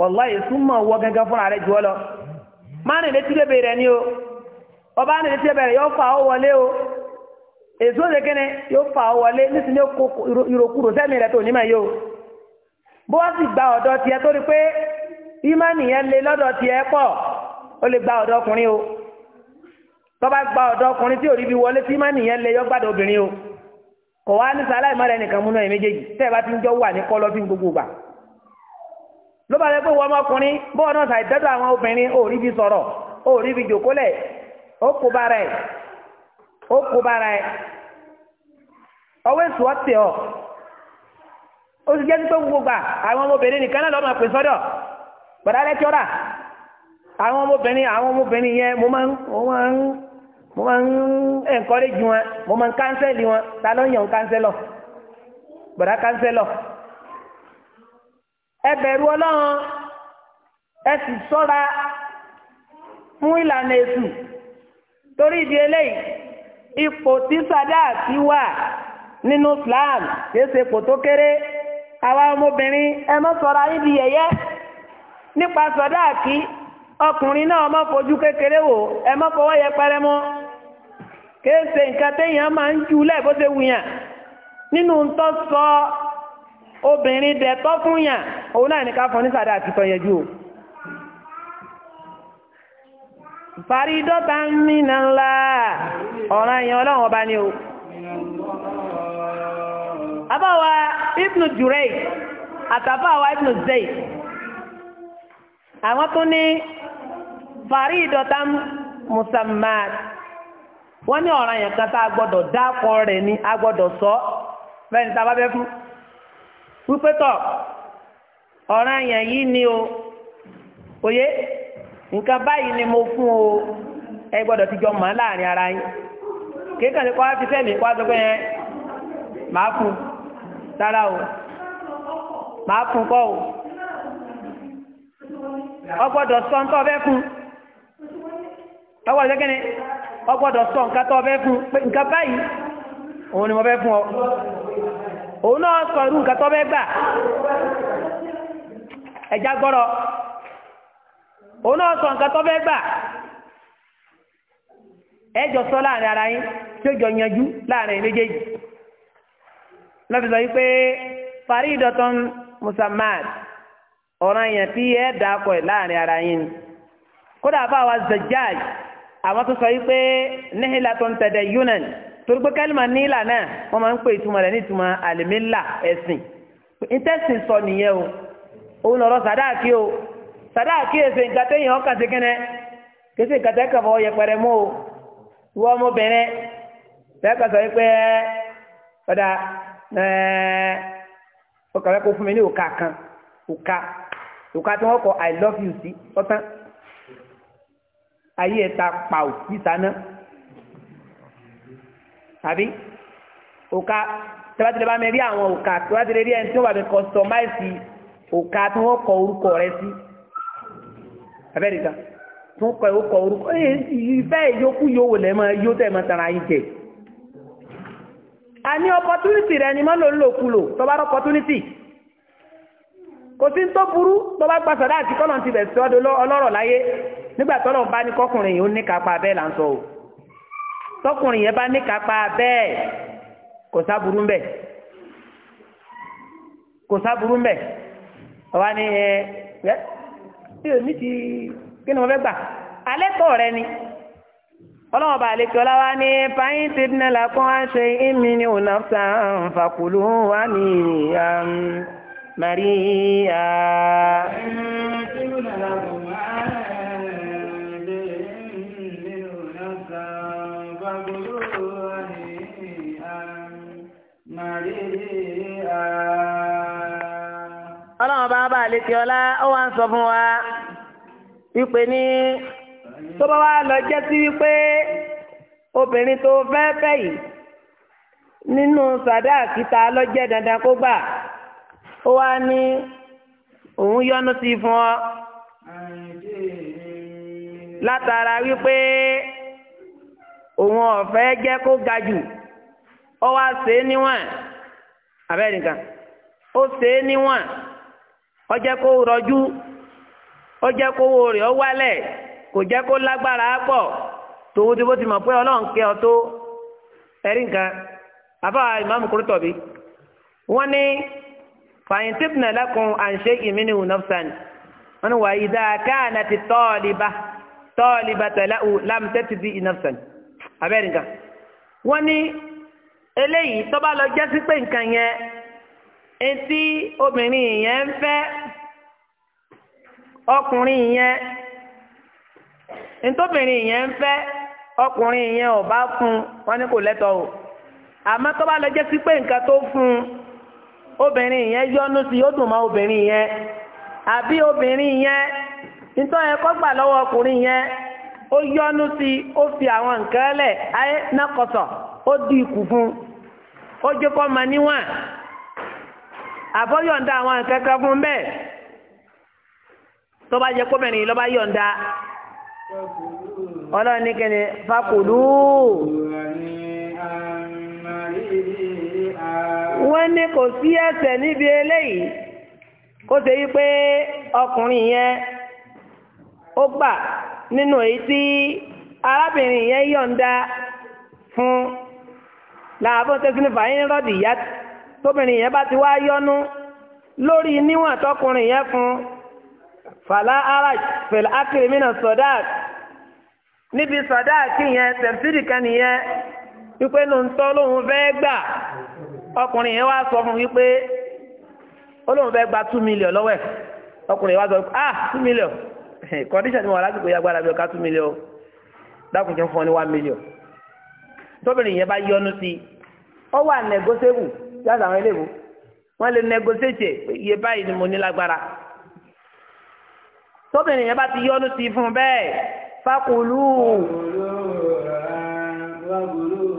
wọ́lá èsù mọ̀ wọ gẹ́gẹ́ fúnra ju ọlọ má rìn ni o ọba yóò fà ó wọlé o èsù ó yóò fà ó wọlé nísìnyí ó kó ìmánì yẹn lé lọ́dọ̀ tiẹ̀ pọ̀ ó lè gba ọ̀dọ́ ọkùnrin o tó bá gba ọ̀dọ́ ọkùnrin tí ò rí bí wọlé tí ìmánì yẹn lé yọ gbàdọ̀ obìnrin o kò wá ní sáláì mọ́ra ẹnìkan múná ẹ̀ méjèèjì tẹ́ ẹ bá ti ń jọ wà ní kọ́lọ́ fún gbogbo gbà ló bá yẹ pé wọ́n ọmọkùnrin bọ́ọ̀ náà sàì dẹ́dọ̀ àwọn obìnrin ò rí bí sọ̀rọ̀ ò jòkólẹ̀ ó kó bára ẹ̀ ó kó bára ẹ̀ ọwọ́ èso ọ̀tẹ̀ ọ̀ ó sì jẹ́ pé gbogbo gbà àwọn ọmọbìnrin nìkan náà lọ́ọ́ máa pè sọ́dọ̀ bàdá lẹ́kítọ́rà àwọn ọmọbìnrin àwọn ọmọbìnrin yẹn mo máa ń mo máa ń mo máa ń ẹ̀ńkọ́rẹ́jì wọn mo máa ń cancel wọn ta ló ń yàn kánsẹ́lọ̀ bàdá kánsẹ́lọ̀ ẹ bẹ̀rù ọlọ́run ẹ sì sọ́ra fún ìlànà èṣù torí ìdí eléyìí ipò tí sàdáàtì wà nínú Islam kìí ṣe ipò tó kéré àwa ọmọbìnrin ẹ má sọra yín di yẹ̀yẹ́. nípa sọdáàkì ọkùnrin náà má fojú kékeré wò ẹ má fọwọ́ yẹpẹrẹ mú kéèsè nǹkan téèyàn máa ń jù lẹ̀ bó ṣe wùyàn nínú tó sọ obìnrin dẹ̀tọ́ fún yàn òun náà ní ká fọ ní sàdáàkì tó yẹn jù o. faridọ́ta mìnà ńlá ọ̀ràn èèyàn ọlọ́run ọba ni o abáwa ibnu ibnu àwọn tó ní fàárí ìdọ̀tà musamman wọ́n ní ọ̀ràn yẹn kan tá a gbọ́dọ̀ dákọ̀ rẹ̀ ni a sọ bẹ́ẹ̀ tá a bá fẹ́ fún wípé ọ̀ràn yìí ni o òye báyìí ni mo fún o ẹ gbọ́dọ̀ ti jọ mọ̀ ọ́ láàrin ara yín ní kó kó pé yẹn fún o fún o. ọgbọ́dọ̀ sọ ń tọ́ fẹ́ fún ọgbọ́dọ̀ sẹ́kẹ́ni ọgbọ́dọ̀ sọ nǹkan tọ́ fẹ́ fún pé báyìí òun ni mo fún ọ òun náà sọ irú gbà gbọ́rọ̀ òun náà sọ gbà ẹjọ sọ láàrin ara yín tí ó jọ yanjú láàrin méjèèjì musamman ọ̀ràn yẹn tí ẹ dà kọ ẹ̀ láàrin ara yín ni kódà bá wa zajaj àwọn tó sọ yìí pé níhìlá tó ń tẹ̀dẹ̀ yunan torí pé kẹ́lìmà níhìlá náà wọ́n máa ń pè ìtumọ̀ rẹ̀ ní ìtumọ̀ àlèmílà ẹ̀sìn ìtẹ̀sìn sọ nìyẹn o òun lọ̀rọ̀ sàdáàkì o sàdáàkì èsè ìgbàtẹ́ yẹn ọkà sí kẹ́nẹ́ kéṣe ìgbàtẹ́ kàn yẹpẹrẹ o ìwọ ọmọbìnrin tẹ́ẹ̀kà sọ yìí pé ọ̀dà kan òkà tí wọ́n kọ i love you sí ọ̀tán ayé ẹ̀ ta pàù sísáná tàbí òkà tẹ́lẹ̀tẹ́lẹ̀ bá mi rí àwọn òkà tẹ́lẹ̀tẹ́lẹ̀ rí ẹni tí wọ́n bá mi kọ́sítọ́máìsì òkà tí wọ́n kọ orúkọ rẹ sí abẹ́rẹ́ kan tó kọ orúkọ orúkọ ẹ̀ ìfẹ́ ìyókù yóò wò lẹ́mọ yóò tẹ̀ mọ́ tara yín jẹ a opportunity rẹ ni mọ́ ló ń lò kulò tọ́ bá rọ opportunity kò sí tó burú tó bá gba sọ̀dá àti kọ́lọ̀ ti bẹ̀ sí ọdún ọlọ́rọ̀ láyé nígbà tọ́lọ̀ bá ní kọkùnrin yìí ó ní kápá bẹ́ẹ̀ là ń sọ o tọkùnrin yẹn bá ní kápá bẹ́ẹ̀ kò sáburú ń bẹ̀ kò sáburú ń bẹ̀ ọ̀wá ni ẹ ẹ bí o ní ti kí ni mo fẹ́ gbà alẹ́ tọ̀ rẹ ni ọlọ́wọ́n bá lè kíọ́lá wá ní fáyín ti dín náà lápọ́n á ṣe ìmí ni fàkùlù wá ní ìyá. Maria. ọlọ́run bá bá létí ọlá ó wá ń sọ fún wa wípé ní tó bá wá lọ jẹ́ sí wípé obìnrin tó fẹ́ fẹ́ yìí nínú sàdáàkì ta dandan kó gbà. ó wá ní òun yọ́nú sí fún ọ látara wípé òun ọ̀fẹ́ jẹ́ kó ga jù ó wá ṣe níwọ̀n abẹ́ ó ṣe níwọ̀n ó jẹ́ kó rọjú ó jẹ́ kó wo ó wálẹ̀ kò jẹ́ kó lágbára pọ̀ tòun tí bó ti mọ̀ pé ọlọ́run kẹ́ ọ tó ẹ̀rí nǹkan àbá ìmáàmù Kurtubi wọ́n ní. fàyín tìbùnà lakum an shay'in minhu nafsan wọn ni wàá idha kanat tọ́ọ̀lìbà tọ́ọ̀lìbà tẹ̀lá ò lam tatbi nafsan abẹ́rẹ́ nǹkan. wọ́n ní eléyìí tó bá lọ jẹ́ sí pé nǹkan yẹn etí obìnrin yẹn ń fẹ́ ọkùnrin yẹn ntọ́bìnrin yẹn ń fẹ́ ọkùnrin yẹn ò fún wọn ní kò lẹ́tọ̀ọ́ àmọ́ tó lọ jẹ́ pé nǹkan tó fún un obìnrin yẹn yọnu sí ó dùn obìnrin yẹn àbí obìnrin yẹn nítorí yẹn kọ́ gbà lọ́wọ́ ọkùnrin yẹn ó yọnu sí ó fi àwọn nǹkan lẹ̀ ayé ó di ikù fún ó jẹ́ kọ́ ma níwọ̀n àbọ̀yọ̀ǹda àwọn nǹkan fún bẹ́ẹ̀ tó bá jẹ́ kóbìnrin yọ̀ǹda wọ́n ní kò sí ẹ̀ṣẹ̀ níbi eléyìí kó ṣe yí pé ọkùnrin yẹn ó gbà nínú èyí tí arábìnrin yẹn yọ̀ǹda fún làbọ̀ tẹ́sán fàáyín rọ́ọ̀dì ìyá tóbìnrin yẹn bá ti wá yọ́nú lórí níwọ̀n tọkùnrin yẹn fún fàlà araj fẹ̀lá akiri mí náà sọ̀dáàt níbi sọ̀dáàt yẹn tẹ̀síìdì kan wípé ló ń tọ́ lóun fẹ́ gbà ọkùnrin yẹn wá sọ fún wípé olóhùn fẹ́ gba two million lọ́wọ́ ẹ̀ ọkùnrin yẹn wá sọ ah two million condition mi wà lásìkò yẹn agbára mi ò two million dákun jẹ́ fún ọ ní one million tóbìnrin yẹn bá yọnu sí i ó wà negotiable yàtọ̀ àwọn eléwo wọ́n lè negotiate iye báyìí ni mo ní lágbára tóbìnrin yẹn bá ti yọnu sí i fún bẹ́ẹ̀ fakulu. fakulu rẹ̀ fakulu.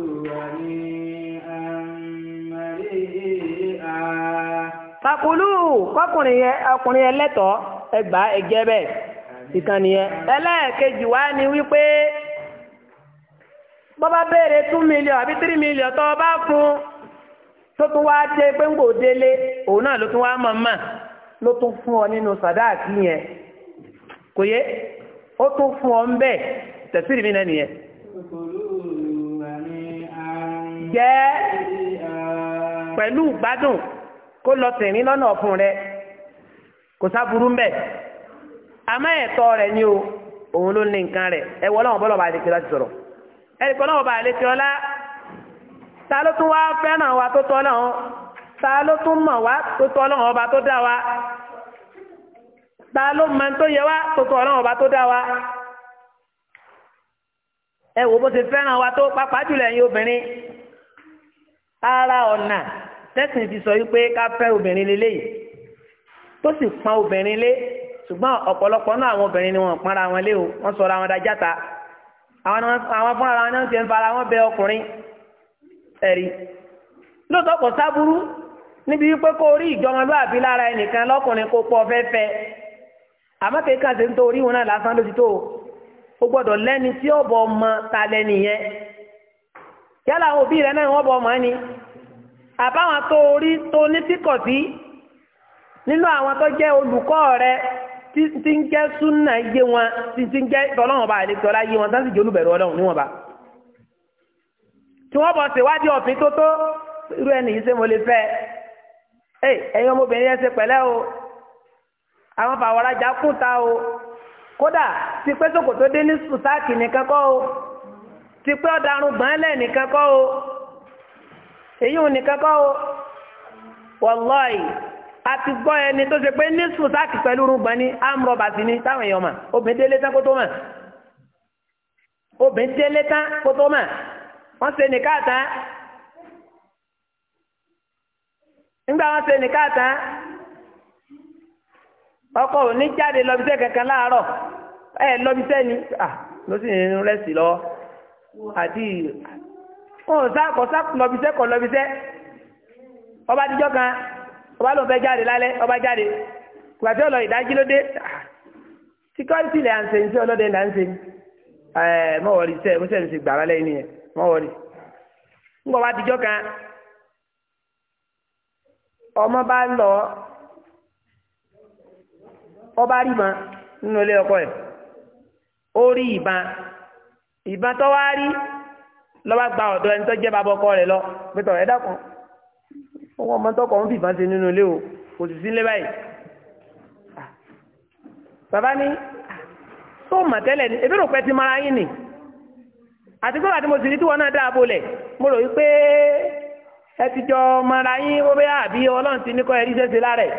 akụlụ kọkùnrin yẹn ọkùnrin yẹn ẹgbà ẹ̀jẹ̀ ìkànnì yẹn wá ni wípé bọba béèrè two million àbí three million bá fún tó tún wá dé pé ń délé òun náà ló tún wá mọ mọ̀ ló tún fún ọ nínú yẹn kò kó lọ tìrín lọ́nà ọ̀fun rẹ kò sá burú mbẹ àmọ́ ẹ̀tọ́ rẹ ni o òun ló ní nǹkan rẹ ẹ wọ ọlọ́wọ́n ti sọ̀rọ̀ ẹnì kan ọlọ́wọ́n ọlá ta ló tún wá fẹ́ràn wa tó tọ́ ta ló tún mọ̀ wá tó tọ́ wa ta ló tó yẹ tó tọ́ tẹ́sìn ti sọ wípé ká fẹ́ obìnrin lélẹ́ yìí tó sì pọn obìnrin lé ṣùgbọ́n ọ̀pọ̀lọpọ̀ náà àwọn obìnrin ni wọ́n pọnra wọn lé o wọ́n sọra wọn dájáta àwọn fúnra wọn náà ti ń fara wọn bẹ ọkùnrin ẹ̀rí lóòótọ́ kò sábúrú níbi wípé kó rí ìjọmọlúàbí lára ẹnìkan lọ́kùnrin kó pọ̀ fẹ́fẹ́ àmọ́ kéka ṣe ń tó orí wọn náà o gbọ́dọ̀ lẹ́ni tí ọmọ ta lẹ́ni yẹn yálà àwọn àbáwọn tó rí tó ní síkọ̀tí nínú àwọn tó jẹ́ olùkọ́ rẹ tí ń jẹ́ súnà yé wọn tí ń jẹ́ tọ́lọ́wọ́n bá àlejò ọlá yé wọn tí wọ́n sì jẹ́ olùbẹ̀rù ọlọ́run níwọ̀n bá. tí wọ́n bọ̀ síwádìí ọ̀fin tó tó irú ẹni yìí ṣe mo lè fẹ́ ẹ ẹ̀yin ọmọbìnrin yẹn ṣe pẹ̀lẹ́ o àwọn fàwọ̀rajà kúta o kódà ti pé sòkòtò dé ní sùsáàkì nìkan kọ́ o ti pé ọ̀daràn gbọ́n lẹ̀ nìkan kọ́ o èyí ò ní kankan o wàláì àti gbọ́ ẹni tó ṣe pé ní sùtáàkì pẹ̀lú rúgbọ́n ní amrọ̀bà sí ní táwọn èèyàn mà obìnrin délé tán kó tó mà obìnrin délé tán kó tó mà wọ́n ṣe nìkan tán nígbà wọ́n ṣe nìkan tán ọkọ ò ní jáde lọ́bíṣẹ́ kankan láàárọ̀ ẹ lọ́bíṣẹ́ ni ah, ló sì ń rẹ́sì lọ àti kò sá kò sá lọ́bisẹ́ kò lọ́bisẹ́ ọba dijọ́ kan ọba ló ń fẹ́ jáde lálẹ́ ọba jáde gbàtí ọlọ ìdájí ló dé síkọ́rìtì lè à ń sẹ́yìn sí ọlọ́dẹ là ń sẹ́yìn ẹ̀ mọ̀wọ́rì sẹ́ mo sẹ́yìn sí gbàrà lẹ́yìn nìyẹn mọ̀wọ́rì ńgbọ́ wa dijọ́ kan ọmọ bá ń lọ ọba rí ma nínú ilé ọkọ ẹ̀ ó rí ìbọn ìbọn tó lọ́ba gba ọ̀dọ́ ẹni tó jẹ́ bàbá ọkọ rẹ̀ lọ pẹ̀tọ̀ ẹ dákun owó ọmọ tọkọ ń fìbọn sí nínú ilé o kò sì sí ilé báyìí. Ah. bàbá ní ah, tó mà tẹ́lẹ̀ ní ebi rò pé ti mara yín nì àti pé àti mo sì rí tí wọn náà dáa bolẹ̀ mo rò wípé ẹ ti jọ mara yín ó bẹ́ àbí ọlọ́run ti ní kọ́ ẹ rí lára ẹ̀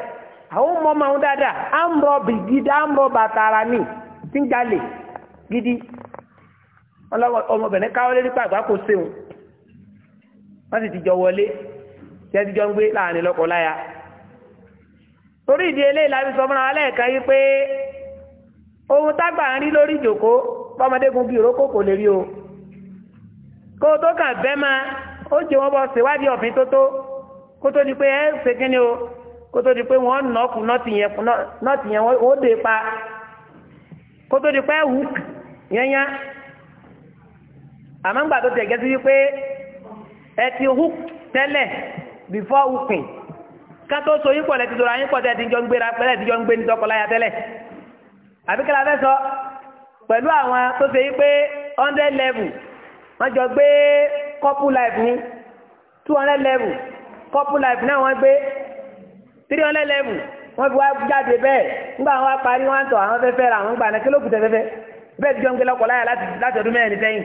àwọn ọmọ ọmọ ọ̀hún dáadáa à ń rọ bìgídá bàtàrà ní gidi. ọmọbìnrin káwọlé nípa àgbà kò séun wọ́n sì ti jọ wọlé tí wọ́n ti jọ ń gbé láàrin láya torí ìdí eléyìí la fi sọ fúnra lẹ́ẹ̀kan yìí pé ohun tágbà ń rí lórí ìjòkó bíi òrókò kò lè rí o kó o tó kàn bẹ́ ó jẹ wọn ọ̀fin tó tó kó o kó tó di pé ó dé pa kó tó di àmọ́ ń gbà tó tẹ̀ gẹ́sí wípé ẹ ti hú tẹ́lẹ̀ before hooking ká tó so yín pọ̀ lẹ́ti dòrò àyín pọ̀ tẹ́ ti jọ ń gbéra pẹ́lẹ́ ti jọ ń gbé ní tọkọláya tẹ́lẹ̀ àbíkẹ́lá fẹ́ sọ pẹ̀lú àwọn tó ṣe wípé hundred level wọ́n jọ gbé couple life ní two hundred level couple life náà wọ́n gbé three hundred level wọ́n fi wá jáde bẹ́ẹ̀ nígbà wọn wá parí wọn tọ̀ àwọn fẹ́fẹ́ ra àwọn gbà náà kí ló kù tẹ́fẹ́fẹ́ bẹ́ẹ̀ ti jọ ń gbé lọ́kọláya láti ọdún mẹ́rin sẹ́yìn.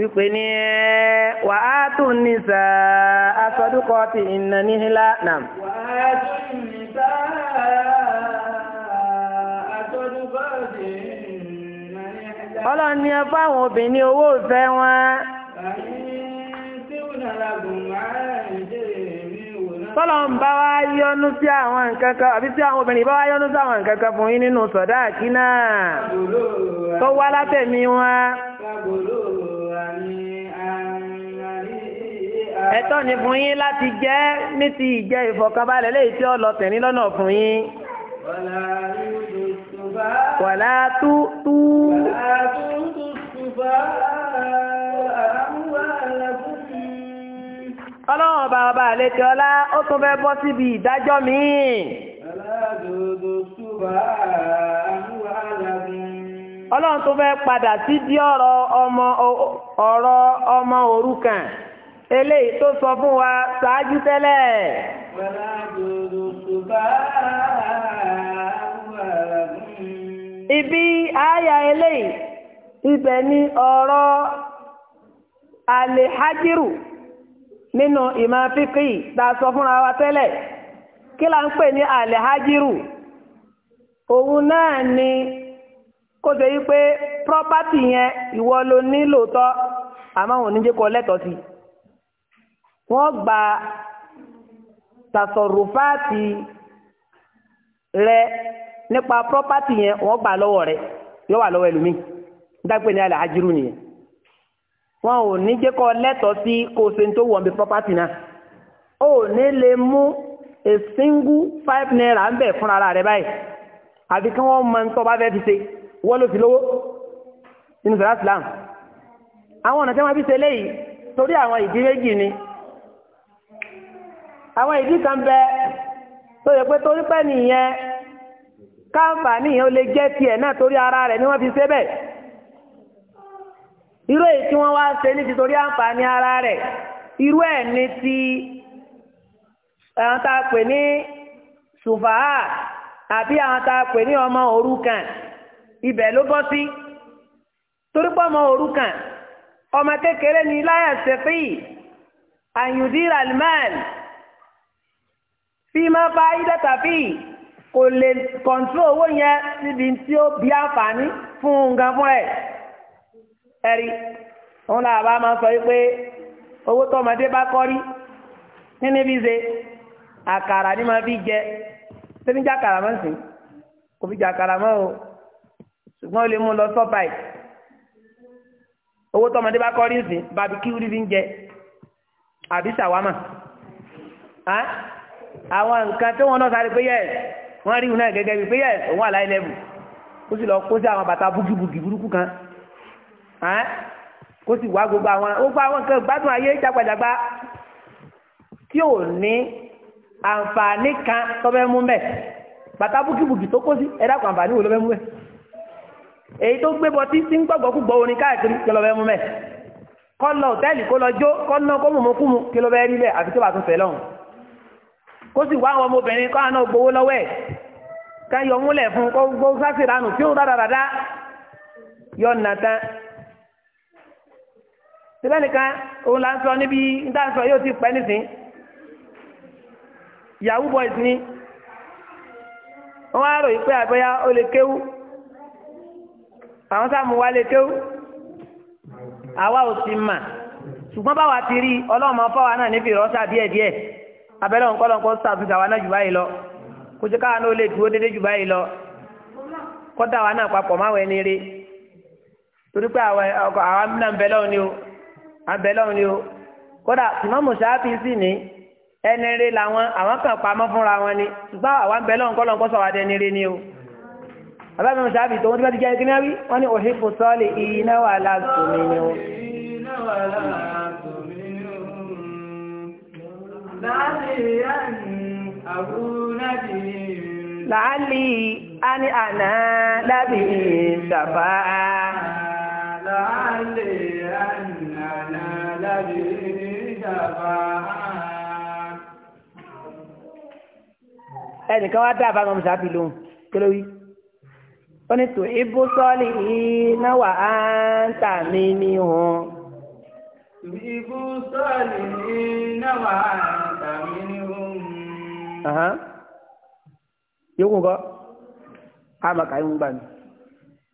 wípé ní ẹ wà á tún ní sá asọdúkọ ti ìnà ní nàm. ọlọ́ni ẹ fáwọn obìnrin owó ìfẹ́ wọn. Tọ́lọ̀ bá wá yọ́nú sí àwọn nǹkan kan, àbí sí àwọn obìnrin ẹ̀tọ́ ni fún yín láti jẹ́ ní ti ìjẹ́ ìfọ̀kànbalẹ̀ léyìí tí ó lọ tẹ̀ ní lọ́nà fún yín. wàlá tú tú. wàlá tú tú sùfà ọlọ́run ọba ọba àlejò ọlá ó tún fẹ́ bọ́ síbi ìdájọ́ míì. ọlọ́run tún fẹ́ padà sídìí ọ̀rọ̀ ọmọ òrukàn. eléyìí tó sọ fún wa ṣáájú tẹ́lẹ̀. ibi àyà eléyìí ibẹ̀ ni ọ̀rọ̀ alihajiru nínú ìmọ̀ fíkì tá a sọ fúnra wa tẹ́lẹ̀ kí la ń pè ní alihajiru òun náà ni kó ṣe yí pé property yẹn ìwọ ló ní lóòótọ́ àmọ́ òun ní jẹ́ kó lẹ́tọ̀ọ́ sí i. wọ́n gba tasọ̀rùfáàtì rẹ nípa pọ́pátì yẹn wọ́n gbà lọ́wọ́ rẹ yọ wà lọ́wọ́ ẹlòmíì dápẹ́ ní alẹ́ ajírù nìyẹn wọn ò ní jẹ́ kọ́ lẹ́tọ̀ọ́ sí kó o ṣe ń tó wọ̀n bí pọ́pátì náà ó ní lè mú a single five naira ń bẹ̀ fúnra rẹ báyìí àfi kí wọ́n mọ nítorí bá fẹ́ fi ṣe wọ́n ló fi lówó nínú sàrà àwọn ọ̀nà tí wọ́n fi ṣe léyìí torí àwọn ìdí méjì ni àwọn ìdí kan bẹ tó yẹ pé torí pẹ́ nìyẹn káǹfà nìyẹn ó lè jẹ́ tiẹ̀ náà torí ara rẹ̀ ni wọ́n fi ṣe bẹ́ẹ̀ irú èyí tí wọ́n wá ṣe ní títorí àǹfààní ara rẹ̀ irú ẹ̀ ní ti àwọn tá a pè ní sùfàá àbí àwọn tá a pè ní ọmọ òrukàn ibẹ̀ ló bọ́ sí torí pé ọmọ òrukàn ọmọ kékeré ni láyà ṣe àyùdí ralman fi máa fa ìdẹ́ta fi kò lè kọ̀ǹtró owó yẹn síbi tí ó bí àǹfààní fún nǹkan fún ẹ̀ ẹ̀rí òun náà bá máa sọ pé owó tọmọdé bá kọ́rí nínú bí ṣe àkàrà ni máa fi jẹ sẹ́ni jẹ́ àkàrà máa ń kò fi jẹ àkàrà máa o ṣùgbọ́n ó lè mú lọ sọ́pàì owó tọmọdé bá kọ́rí ń sìn bàbí kíwìrì fi ń jẹ àbí ṣàwámà àwọn nǹkan tó wọn náà sáré pé yẹs wọn rí iná gẹ́gẹ́ bíi pé yẹs òun àlàyé lẹ́bù kó sì lọ kó sí àwọn bàtà búgibùgì burúkú kan kó sì wá gbogbo àwọn gbogbo àwọn nǹkan gbádùn ayé jágbàjàgbà tí ò ní àǹfààní kan tó fẹ́ mú mẹ́ bàtà búkìbùkì tó kó sí ẹ̀dá kan àǹfààní wo ló fẹ́ mú mẹ́ èyí tó gbé bọtí tí ń gbọ́gbọ́ kú gbọ́ orin káàkiri kí ló fẹ́ mú mẹ́ kọ́ lọ hòtẹ́ẹ̀lì kó lọ jó kọ́ ná kó mú mú kú mu kí ló fẹ́ rí bẹ́ẹ̀ àfi tó bá tún fẹ́ lọ́hùn kó sì wá àwọn ọmọbìnrin káwọn náà gbowó lọ́wọ́ ẹ̀ ká yọ múlẹ̀ fún kó gbó sáfì ránù tí ó rádaràdá yọ nàtán. síbẹ̀ nìkan òun là ń sọ níbi ń yóò ti pẹ́ nísìn yahoo boys ni wọ́n á ròyìn pé àgbẹ̀yà ó lè kéwú àwọn wa lè kéwú àwa ò sì mà ṣùgbọ́n báwa ti rí náà abẹ́rẹ́ ọ̀nkọ́lọ́nkọ́ sàfihàn wa náà jù báyìí lọ kó jẹ́ káwa náà lè dúró dédé jù báyìí lọ kọ́dà wa náà papọ̀ máa wẹ̀ ní rí torí pé àwọn náà bẹ̀ lọ́wọ́ ni o àbẹ̀ lọ́wọ́ ni o kódà tìmọ́mù sáfì sì ní ẹni rí làwọn àwọn kan pamọ́ fúnra wọn ni ṣùgbọ́n àwọn bẹ̀ lọ́wọ́ ọ̀nkọ́lọ́nkọ́ sọ̀rọ̀ adẹni rí ni o bàbá mi sábì tó ń tí wọ́n ti jẹ́ láàlì àní àná lábì ṣàfà. láàlì àní àná lábì ṣàfà. ẹnìkan wá dáàbà mọ́ mùsàbí lóhùn kí ló wí ó ní tò ibú sọ́ọ̀lì yìí náà wà á ń tà mí ní hàn. ibú sọ́ọ̀lì yìí wà á ń tà mí ní hàn. aha yókù kọ́ àmàkà yóò gbà mí.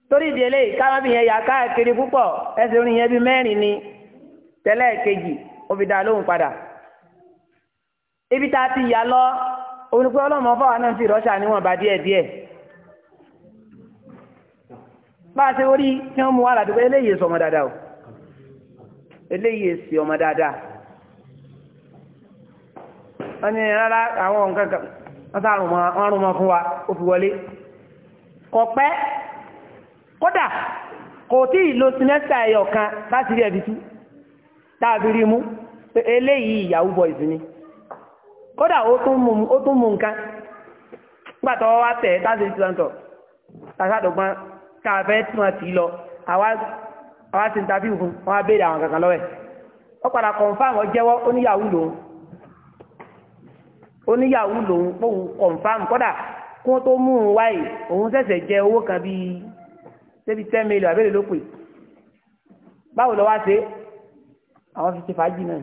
torí ìdí eléyìí yẹn yà káàkiri púpọ̀ ẹsẹ̀ orin yẹn bí ni tẹ́lẹ̀ kejì ó pada. ibi tá a ti yà lọ onípe ọlọ́mọ fáwọn náà ti rọ́ṣà níwọ̀nba díẹ̀díẹ̀. bá a ṣe orí ni wọ́n mú wa làdúgbò eléyìí o eléyìí dáadáa. wọ́n ní rárá àwọn nǹkan kan wọ́n sárùn mọ́ wọ́n rún mọ́ fún wa ó fi wọlé kò pẹ́ kódà kò tí ì lo sinẹ́sítà ẹ̀yọ̀ kan láti rí ẹ̀bí tú tàbí rí mú pé eléyìí ìyàwó boys ni kódà ó tún mú nǹkan nígbà tó wá tẹ̀ láti rí tuntun tàṣàdọ̀gbọ́n káfẹ́ tí wọ́n ti lọ àwa ti ń tàbí fún wọn á béèrè àwọn kankan lọ́wọ́ ẹ̀ ó padà kọ̀ǹfà àwọn jẹ́wọ́ oníyàwó lòun oníyàwó lòun kóun confam kódà kó tó mú un wáyé òun ṣẹ̀ṣẹ̀ jẹ owó kan bíi débi ten million abẹ́rẹ́ ló pè báwo lọ wá ṣe àwọn fi ṣe fàájì náà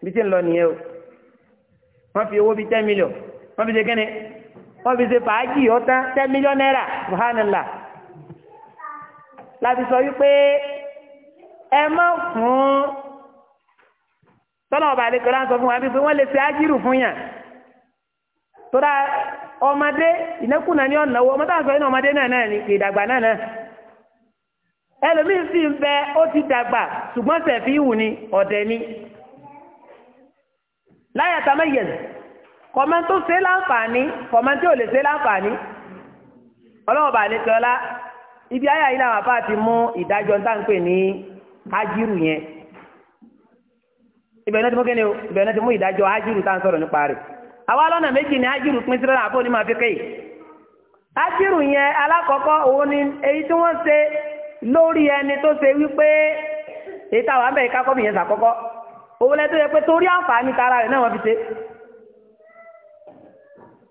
ibi tí ń lọ nìyẹn o wọ́n fi owó bíi ten million wọ́n fi ṣe kíni wọ́n fi ṣe fàájì ọ̀tán ten million naira subhanallah láti sọ wípé ẹ má fún tọ́lá ọba àlekọ́lá ń sọ fún wa wípé wọ́n lè ṣe ájírù fún yàn. tóra ọmọdé ni ọ̀nàwó ọmọ táwọn sọ yìí ọmọdé náà náà ni kì náà náà ẹlòmíín ṣùgbọ́n sẹ̀fí ìwù ni ọ̀dẹ̀ ni láyà tàmí yẹn kọ̀mọ́ tó ṣe láǹfààní tí ò lè la ibi ayé ayé làwọn ti mú ìdájọ́ ń tàǹpẹ̀ ní ájírù yẹn ti mú àwa lọ́nà méjì ni ájírù pín sílẹ̀ àbó ní màfíkẹ́ ájírù yẹn alákọ̀ọ́kọ́ òun ni èyí tí wọ́n ṣe lórí ẹni tó ṣe wípé èyí táwọn abẹ́ yìí kákọ́ bìyẹn sàkọ́kọ́ òun lẹ́tọ́ yẹ pé torí àǹfààní tara rẹ̀ náà wọ́n fi ṣe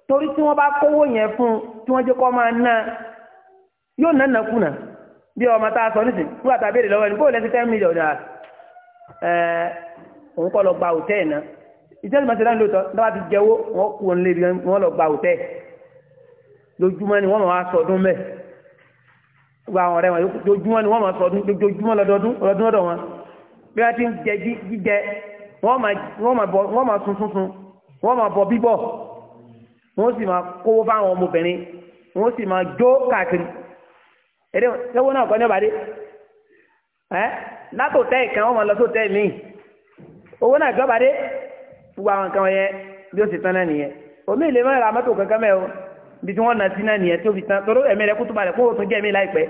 torí tí wọ́n bá kówó yẹn fún un tí wọ́n jẹ́ kó máa ná yóò ná nàkúnà bí ọmọ tá a sọ nísìnyí nígbà béèrè lọ́wọ́ ẹni bóòlù ẹ ti tẹ́ mílíọ̀nù ẹ̀ òun kọ́ lọ gba òtẹ́ẹ̀ náà ìjẹ́ ìmọ̀ ìṣẹ̀lẹ̀ lóòótọ́ tí wọ́n ti jẹ́wọ́ wọ́n kú wọn lé wọn lọ gba òtẹ́ lójúmọ́ ni wọ́n máa sọdún mẹ́ gba àwọn ọ̀rẹ́ wọn lójúmọ́ ni wọ́n máa sọdún lójúmọ́ lọ́dọọdún ọ̀dọọdún ọ̀dọ̀ wọn bí wọ́n ti ń jẹ jíjẹ wọ́n máa sun sunsun wọ́n máa bọ bíbọ̀ wọ́n sì máa kówó fáwọn ọmọbìnrin wọ́n sì máa jó káàkiri èdè ṣẹ́wọ́n náà kọ́ ní ọ̀bàdé ẹ́ látòtẹ́ ìkan wọ́n máa lọ sóòtẹ́ míì owó náà gbọ́bàdé gbogbo àwọn nǹkan yẹn bí ó ṣe tán náà nìyẹn omi máa ra mọ́tò kankan mẹ́ o tí wọ́n nà sí náà nìyẹn tó fi tán ẹ̀mí rẹ kó láìpẹ́.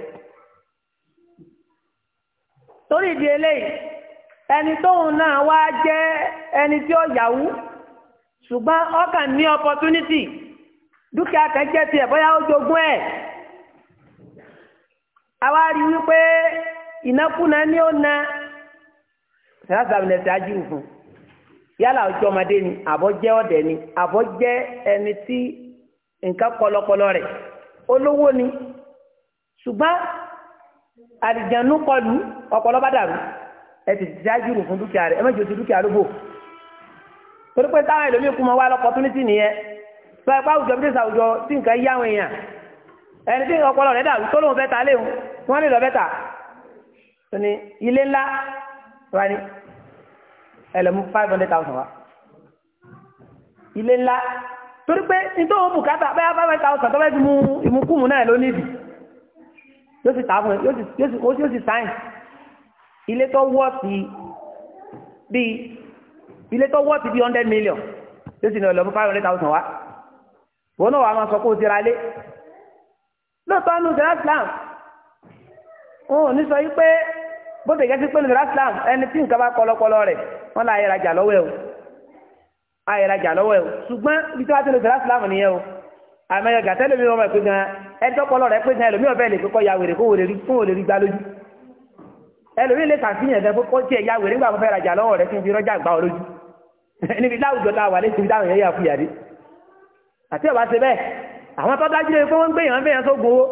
torí ìdí eléyìí ẹni tóun náà wá jẹ́ ẹni tí ó yàwú ṣùgbọ́n ọkàn ní opportunity dúkìá kan jẹ́ tiẹ̀ bóyá ó jogún ẹ̀ àwa rí wípé ìnákúná ni ó na yálà ọjọ́ ọmọdé ni àbọ̀ jẹ́ ọ̀dẹ̀ ni àbọ̀ jẹ́ ẹni tí nǹkan kọlọkọlọ rẹ̀ olówó ni ṣùgbọ́n àlìjànú kọlù ọpọlọ bá dàrú ẹ ti dájú rò fún dúkìá rẹ ẹ má jò ti dúkìá lóbò torí pé táwọn ẹlòmíín kú mọ wá lọkọ tó ní nìyẹn sọ ẹ àwùjọ bí tẹsán tí nǹkan yá àwọn èèyàn ẹni tí ọpọlọ rẹ dàrú tó lóun fẹ́ ta léwu wọn lè lọ fẹ́ ilé ńlá wani ẹlẹ́mú five hundred thousand wa ilé ńlá torí pé nítorí wọn bùkátà bẹ́ẹ̀ five hundred thousand tó bẹ́ẹ̀ ti mú ìmúkùmù náà ló níbi yóò sì tààbùn yóò sì sáyìn ilé tó wọ́ sí bíi ilé tó wọ́ sí bíi hundred million yóò sì ní ẹlẹ́mú five hundred thousand wa wọn náà wà á máa sọ pé o ti ra lé lóòótọ́ nù sẹ́lá Islam wọn ò ní sọ yí pé bó ti gẹ́sí pé nù sẹ́lá Islam ẹni tí nǹkan bá kọlọkọlọ rẹ̀ wọ́n lọ ayẹrajà lọ́wọ́ ẹ̀ o ayẹrajà lọ́wọ́ ẹ̀ o ṣùgbọ́n ibi tí wọ́n ti lè fẹ́ láti láàmù nìyẹn o àmọ́ gàtẹ́ lómi ọmọ ìpín gan ẹni tọ́pọ̀ lọ́rọ̀ ẹ pé gan ẹlòmíràn bẹ́ẹ̀ lè kókọ́ ya wèrè kó wèrè rí fún wèrè rí gbá lójú ẹlòmí lè kà síyàn gan kó tiẹ̀ ya wèrè nígbà fẹ́ẹ́ rajà lọ́wọ́ rẹ kí n fi rọ́jà gbá ọ lójú níbi láwùjọ tá a wà létí táwọn èèyàn yà fún yàrá àti ọba ṣe bẹ́ẹ̀ àwọn tó dájú lé pé wọ́n ń gbé yàn bẹ́yàn tó gbowó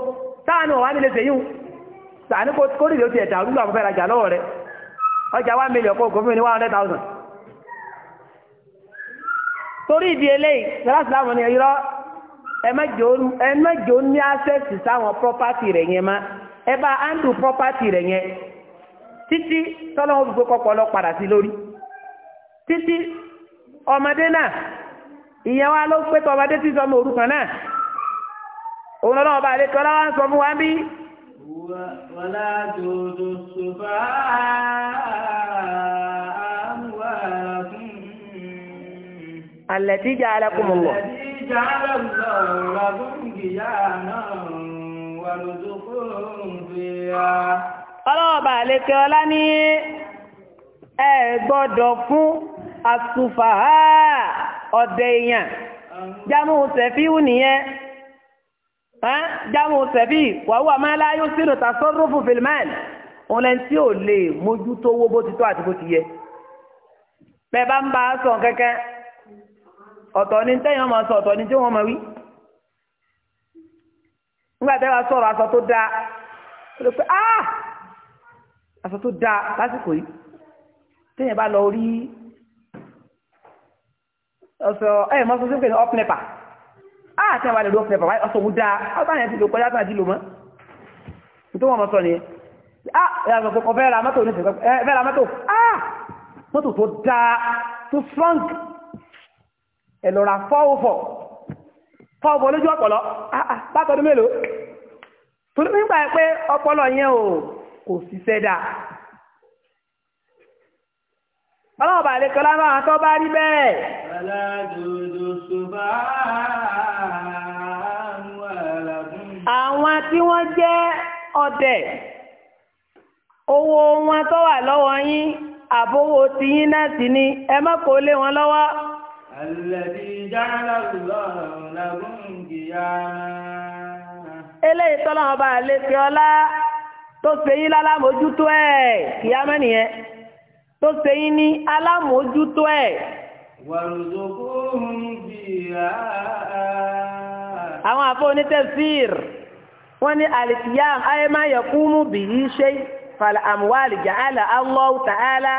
táwọn ọ̀wá nílé ṣèyún sàní kórìlì ó ti ẹ̀dà olúwa fẹ́ẹ́ rajà ọjà one million kó one torí ìdí eléyìí sàlásìlámù láwọn irọ́ ẹ má ní access sáwọn property rẹ̀ yẹn má ẹ bá handle property rẹ̀ yẹn títí tọ́lọ́wọ́ gbogbo kókó padà sí lórí títí ọmọdé náà ìyẹn wa ló pé tí sọmọ náà òun lọ́wọ́ bá lè sọ fún wa bí. ولا تؤتوا السفهاء أموالكم التي جعلكم الله التي جعل الله لكم قياما وارزقوهم فيها ọlọ́ọ̀bà àlékè ọlá ní ẹ gbọ́dọ̀ fún àsùfàá ọ̀dẹ̀ èèyàn jámù jáwọ́ sẹ̀bí wàhùwà máa láyé sínú tasọ́rọ́fù fìlmán òun lẹ́ni tí ò lè mójútó owó bó ti tó àti bó ti yẹ. bẹ́ẹ̀ bá ń bá a sọ kẹ́kẹ́ ọ̀tọ̀ ni tẹ́yìn máa sọ ọ̀tọ̀ ni tí wọ́n máa wí. nígbà tẹ́ wàá sọ̀rọ̀ aṣọ tó dáa ó lè pe ah aṣọ tó dáa lásìkò yìí tẹ́yìn bá lọ rí ọ̀sọ̀ ẹ̀ mọ́sọ́sọ́ pé ní ọ́pnẹ́pà àti àwọn àdàdó fẹ́fà wáyé ọ̀sọ̀ wúdá ọ̀sán yẹn ti lò kọjá tàbí lò mọ́ tó wọ́n mọ́ sọ ni ah ẹ̀rọ pẹ̀kọ́ fẹ́ ra mọ́tò oníṣẹ́ fẹ́ ra mọ́tò ah mọ́tò tó dáa tó strong ẹ̀lọ́ra fọ́ọ̀fọ̀ fọ́ọ̀fọ̀ lójú ọpọlọ ah, ah, bákan mélòó tó nígbà pé ọpọlọ yẹn ò kò ṣiṣẹ́ dáa ọlọ́wọ́ bá lè kọlá máa tọ́ bá rí bẹ́ẹ̀. àwọn tí wọ́n jẹ́ ọdẹ owó wọn tó wà lọ́wọ́ yín àbówó ti yín náà sí ni ẹ má kó lé wọn lọ́wọ́. Àlẹ́bí jáàlá bá lè fi ọlá tó ṣe yín lálámójútó ẹ̀ kìíyá mẹ́nìyẹn. tó ṣe yín ní alámòójútó ẹ̀. àwọn àfọ onítẹ̀síìr wọ́n ní alikiyam ayémáyọ̀ kúmú bìí ṣe fàlà àmúwálì jàálà Allah ta'ala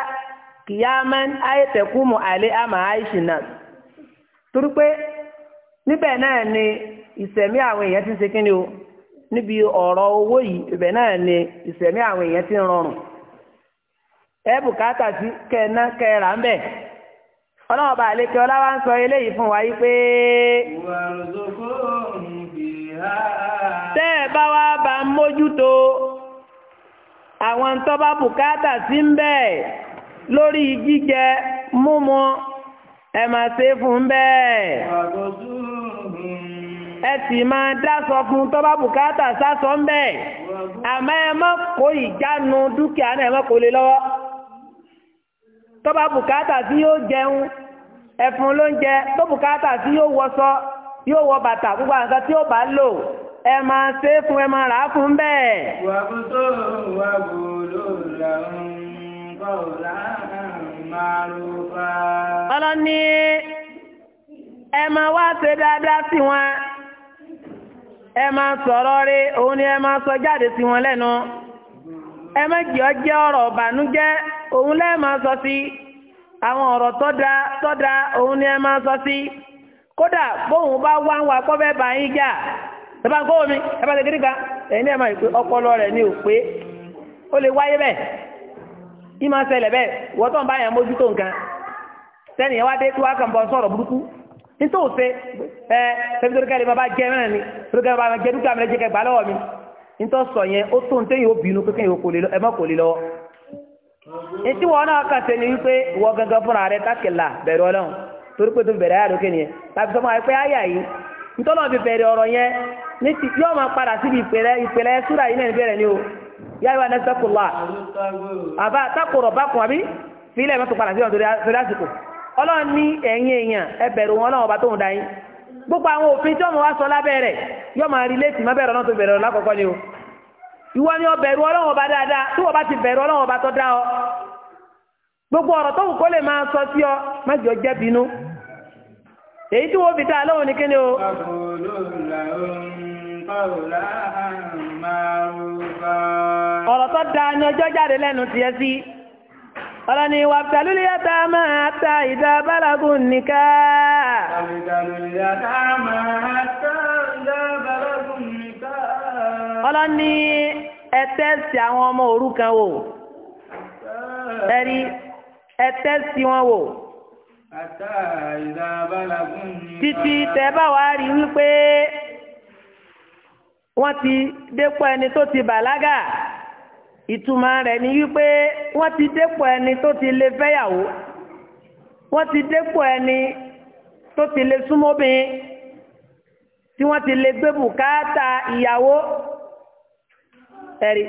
kìyàmán ayétẹ̀kúmù àlẹ́ àmà àìṣìnà. torí pé níbẹ̀ náà ni ìsẹ̀mí àwọn èèyàn ti ń ṣe kí ni o níbi ọ̀rọ̀ owó yìí ibẹ̀ náà ni ìsẹ̀mí àwọn èèyàn ti ń rọrùn. ẹ bùkátà sí kẹna kẹra ń bẹ ọlọ́wọ́ bá àlékè ọlá wa ń sọ eléyìí fún wa yí pé. tẹ́ ẹ bá wá bá ń mójútó àwọn tó bá bùkátà sí ń bẹ lórí jíjẹ múmu ẹ máa ṣe fún bẹ́ẹ̀. ẹ sì máa dáṣọ fún tó bùkátà sásọ ń bẹ àmọ́ ẹ má kó ìjánu dúkìá náà ẹ má kó lé lọ́wọ́. tó bá bùkátà sí yóò jẹun ẹ̀fún ló ń jẹ tó bùkátà sí yóò yóò wọ bàtà gbogbo àwọn tí ó bá lò ẹ máa ṣe é fún ẹ máa rà á fún bẹ́ẹ̀. wàbùtò wàbùlò làwọn máa ló bá. ẹ máa wá ṣe dáadáa sí wọn ẹ máa sọ̀rọ̀ rí òun ni ẹ máa sọ jáde sí wọn lẹ́nu ẹ má òun lẹ́ẹ̀ máa sọ sí àwọn ọ̀rọ̀ tọ́da tọ́da òun ni ẹ máa sọ sí kódà bóun bá wá ń wá bá yín jà mi ẹ bá tẹ̀gírí kan ẹ̀yin náà máa pè ọpọlọ rẹ̀ ní òpé ó lè wáyé bẹ́ẹ̀ yín máa ṣẹlẹ̀ bẹ́ẹ̀ wọ́tọ̀ ń bá yàn mójútó nǹkan sẹ́ni ẹ̀ wá dé tí wàá kàn bọ́ sọ̀rọ̀ burúkú nítorí òfé ẹ ṣẹbi tó dúkàlẹ̀ bàbá jẹ mẹ́rin ni bàbá jẹ mi sọ yẹn ó tó ń tẹ́yìn e wọn náà kàn sí wípé fọrọ gangan fúnra rẹ̀ kákìlá bẹ̀rù ọlọ́run torí pé tó nìyẹn tàbí sọmọ yìí ntọ́nà ọrọ yẹn ní ti yóò máa padà síbi yìí náà ni o àbá bákùn àbí padà sí àsìkò ní èèyàn ẹ bẹ̀rù wọn náà ọba tó ń da yín gbogbo àwọn òfin tí ọmọ wa sọ lábẹ́ gbogbo ọ̀rọ̀ tó wù kó lè máa sọ sí ọ má jọ jẹ́ bínú èyí tí wọ́n fi dá lóhùn ní kíni o. ọ̀rọ̀ tó da ni ọjọ́ jáde lẹ́nu tiẹ̀ sí ọ̀rọ̀ ni wà pẹ̀lúlẹ̀ yàtá máa ta ìdá bálágùn nìkà. ọ̀rọ̀ ni ẹ tẹ́sì àwọn ọmọ òrukàn wò ẹ̀rí ẹ tẹ́sí wọn wò. àtà ìlà balàgùn ni. títí tẹ bá wá rí wípé wọ́n ti dépò ẹni tó ti bàlágà ìtumọ̀ rẹ̀ ni wípé wọ́n ti dépò ẹni tó ti lè fẹ́yàwó wọ́n ti dépò ẹni tó ti lè súnmọ́bìn tí wọ́n ti lè gbé bùkátà ìyàwó ẹ̀rí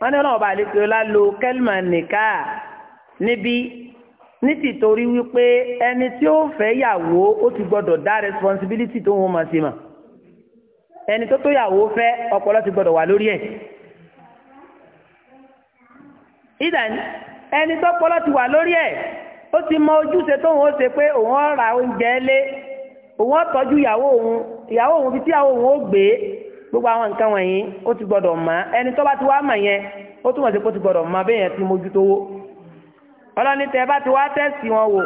wọ́n ní ọ̀nà ọba àlejò la lo kẹ́lìmọ̀ nìka níbi ní tìtorí wípé ẹni tí ó fẹ́ yàwó ó ti gbọ́dọ̀ dá responsibility tó wọn mọ̀ sí mọ̀ ẹni tó tó yàwó fẹ́ ọpọlọ ti gbọ́dọ̀ wà lórí ẹ̀ ìdàn ẹni tó pọlọ ti wà lórí ẹ̀ ó ti mọ ojúṣe tó wọn ó ṣe pé òun ó ra oúnjẹ lé òun ó tọ́jú ìyàwó òun ìyàwó òun bíi tí ìyàwó òun ó gbé gbogbo àwọn nǹkan wọ̀nyí ó ti gbọ́dọ̀ mọ̀ ẹni tó bá ti wá mọ̀ yẹn ó túmọ̀ sí pé ó ti gbọ́dọ̀ mọ̀ bẹ́ẹ̀ yẹn ti mójútówó ọlọ́ni tẹ́ bá ti wá tẹ́sì wọn wò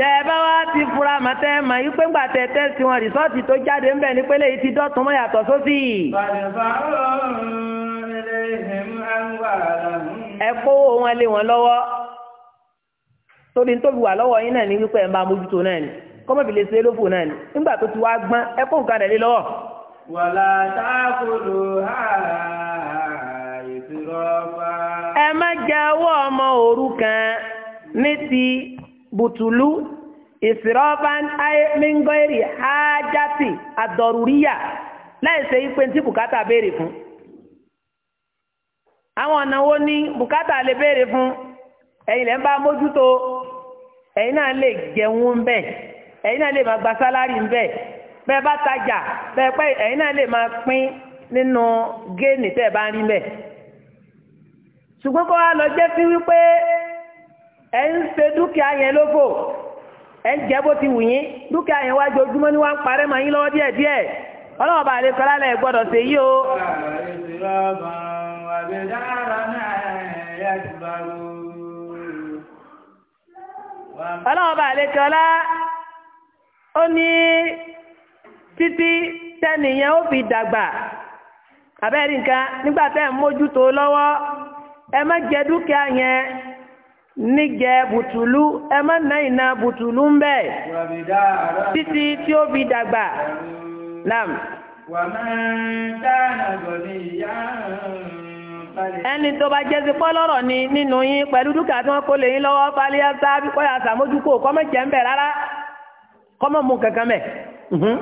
tẹ́ bá wá ti fura mà mà yí pé ńgbà tẹ́sì wọn rìsọ́ọ̀tì tó jáde ńbẹ̀ ní pélé yìí ti dọ́tun mọ́ yàtọ̀ sósì. ẹ kówó wọn lé wọn lọ́wọ́ torí nítorí wà lọ́wọ́ yín náà ní wípé ẹ̀ ń bá mójútó náà ni kọ́mọ̀ fi lè ṣe lófò náà ni nígbà tó ti wá gbọ́n ẹ kó nǹkan rẹ̀ lé lọ́wọ́. wàlá táàkùlù hàrá. kan ní ti bùtùlù ìsìrọ́bán ayémíngọ́rì hájátì àdọ̀rùríyà láìsẹ̀ ipe tí bùkátà béèrè fún. àwọn ọ̀nà wo ni bùkátà lè béèrè fún ẹ̀yin lẹ́ ń bá mójútó ẹ̀yin náà lè jẹun ń bẹ̀ ẹ̀yin náà lè máa gba sálárì ń bẹ̀ bẹ́ẹ̀ bá tajà bẹ́ẹ̀ pẹ́ ẹ̀yin náà lè máa pín nínú géènì tẹ́ ẹ bá ń rí ẹ ń fe dúkìá yẹn lófò ẹ ń jẹ́ bó ti wù yín dúkìá yẹn wájú ojúmọ́ ni wọ́n ń parẹ́ ma yín lọ́wọ́ díẹ̀ díẹ̀ ọlọ́ọ̀bà gbọ́dọ̀ yí o. ọlọ́ọ̀bà àlekọ́lá ó ní títí tẹ́nìyàn ó fi dàgbà abẹ́rẹ́ nǹkan mójútó lọ́wọ́ ẹ má jẹ nígẹ bùtùlù ẹ má ná iná bùtùlù ń bẹ títí tí ó fi dàgbà lam. ẹni tó bá jẹ́ sí pọ́lọ́rọ̀ ni nínú yín pẹ̀lú dúkìá tí wọ́n kó lè yín lọ́wọ́ fàlíyà sáábì kọ́ yà sàmójúkò kọ́mọ̀ jẹ́ ń bẹ̀ rárá kọ́mọ̀ mú kankan mẹ́. Mhm.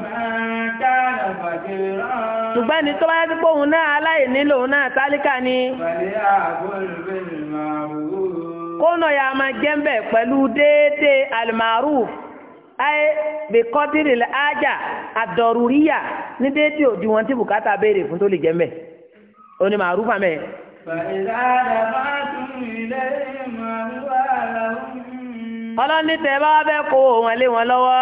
ṣùgbọ́n ẹni tó bá jẹ́ sí pé òun náà aláìní lòun náà tálíkà ni. fàlíyà àbúrò bẹ́ẹ̀ kóńdọ̀ ya máa jẹ́ ń bẹ̀ pẹ̀lú déédéé alimaruf ayé bèkọ́tìrì ájà àdọ̀rùríyà ní déédéé òdiwọ̀n tí bùkátà béèrè fún tó lè jẹ́ ń bẹ̀ ó ní màrúf àmẹ́. ọlọ́ni tẹ bá bẹ́ kó wọn lé wọn lọ́wọ́.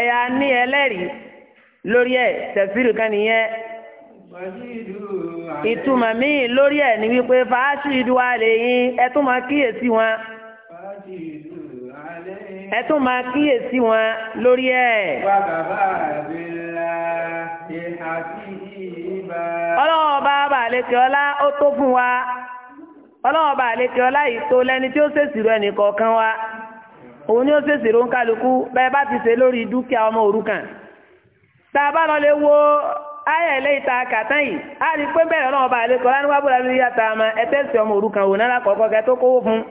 ẹ̀yà ní ẹlẹ́rìí lórí ẹ̀ tẹ̀síìrì kan nìyẹn. ìtumọ̀ míì lórí ẹ̀ ni wípé fàájì ìdúwà lè yín ẹ tún máa kíyèsí wọn ẹ tún máa kíyèsí wọn lórí ẹ̀. ọlọ́wọ́ bá bàlékè ọlá ó tó fún wa ọlọ́wọ́ bàlékè ọlá yìí tó lẹ́ni tí ó ṣèṣirò ẹnì kọ̀ọ̀kan wa òun ni ó ṣèṣirò ń kálukú bẹ́ẹ̀ bá ti ṣe lórí dúkìá ọmọ òrukàn tá a bá lọ lè wo. ayé eléyìí ta yìí a rí pé bẹ́ẹ̀ ọba alekọla láti wá búra lórí yàtọ̀ àmọ́ ẹ tẹ́sí ọmọ òrukàn wò náírà kọ̀ọ̀kan kẹ́ tó kówó fún un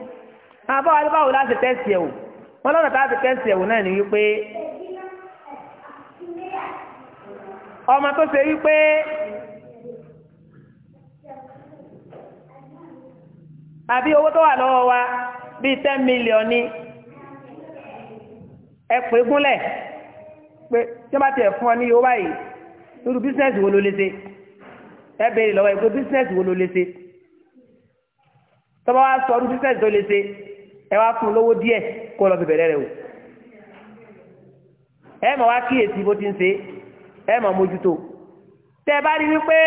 àbọ̀ wọn báwo láti tẹ́sí ẹ̀ wò wọn lọ́nà tá a ti tẹ́sí ẹ̀ wò náà ní wípé ọmọ tó ṣe wípé àbí owó tó wà lọ́wọ́ wa bíi e e ten million ni ẹ pè é gúnlẹ̀ pé tí wọ́n irú bísínẹ́sì wo ló lè ṣe ẹ béèrè lọ́wọ́ ẹ pé bísínẹ́sì wo ló lè ṣe tọ́ba wa sọ ọdún bísínẹ́sì tó lè ṣe ẹ wá fún un lówó díẹ̀ kó lọ bẹ̀rẹ̀ rẹ o ẹ mọ̀ wá kíyèsí bó ti ń ṣe ẹ mọ̀ mójútó tẹ́ ẹ bá rí wípé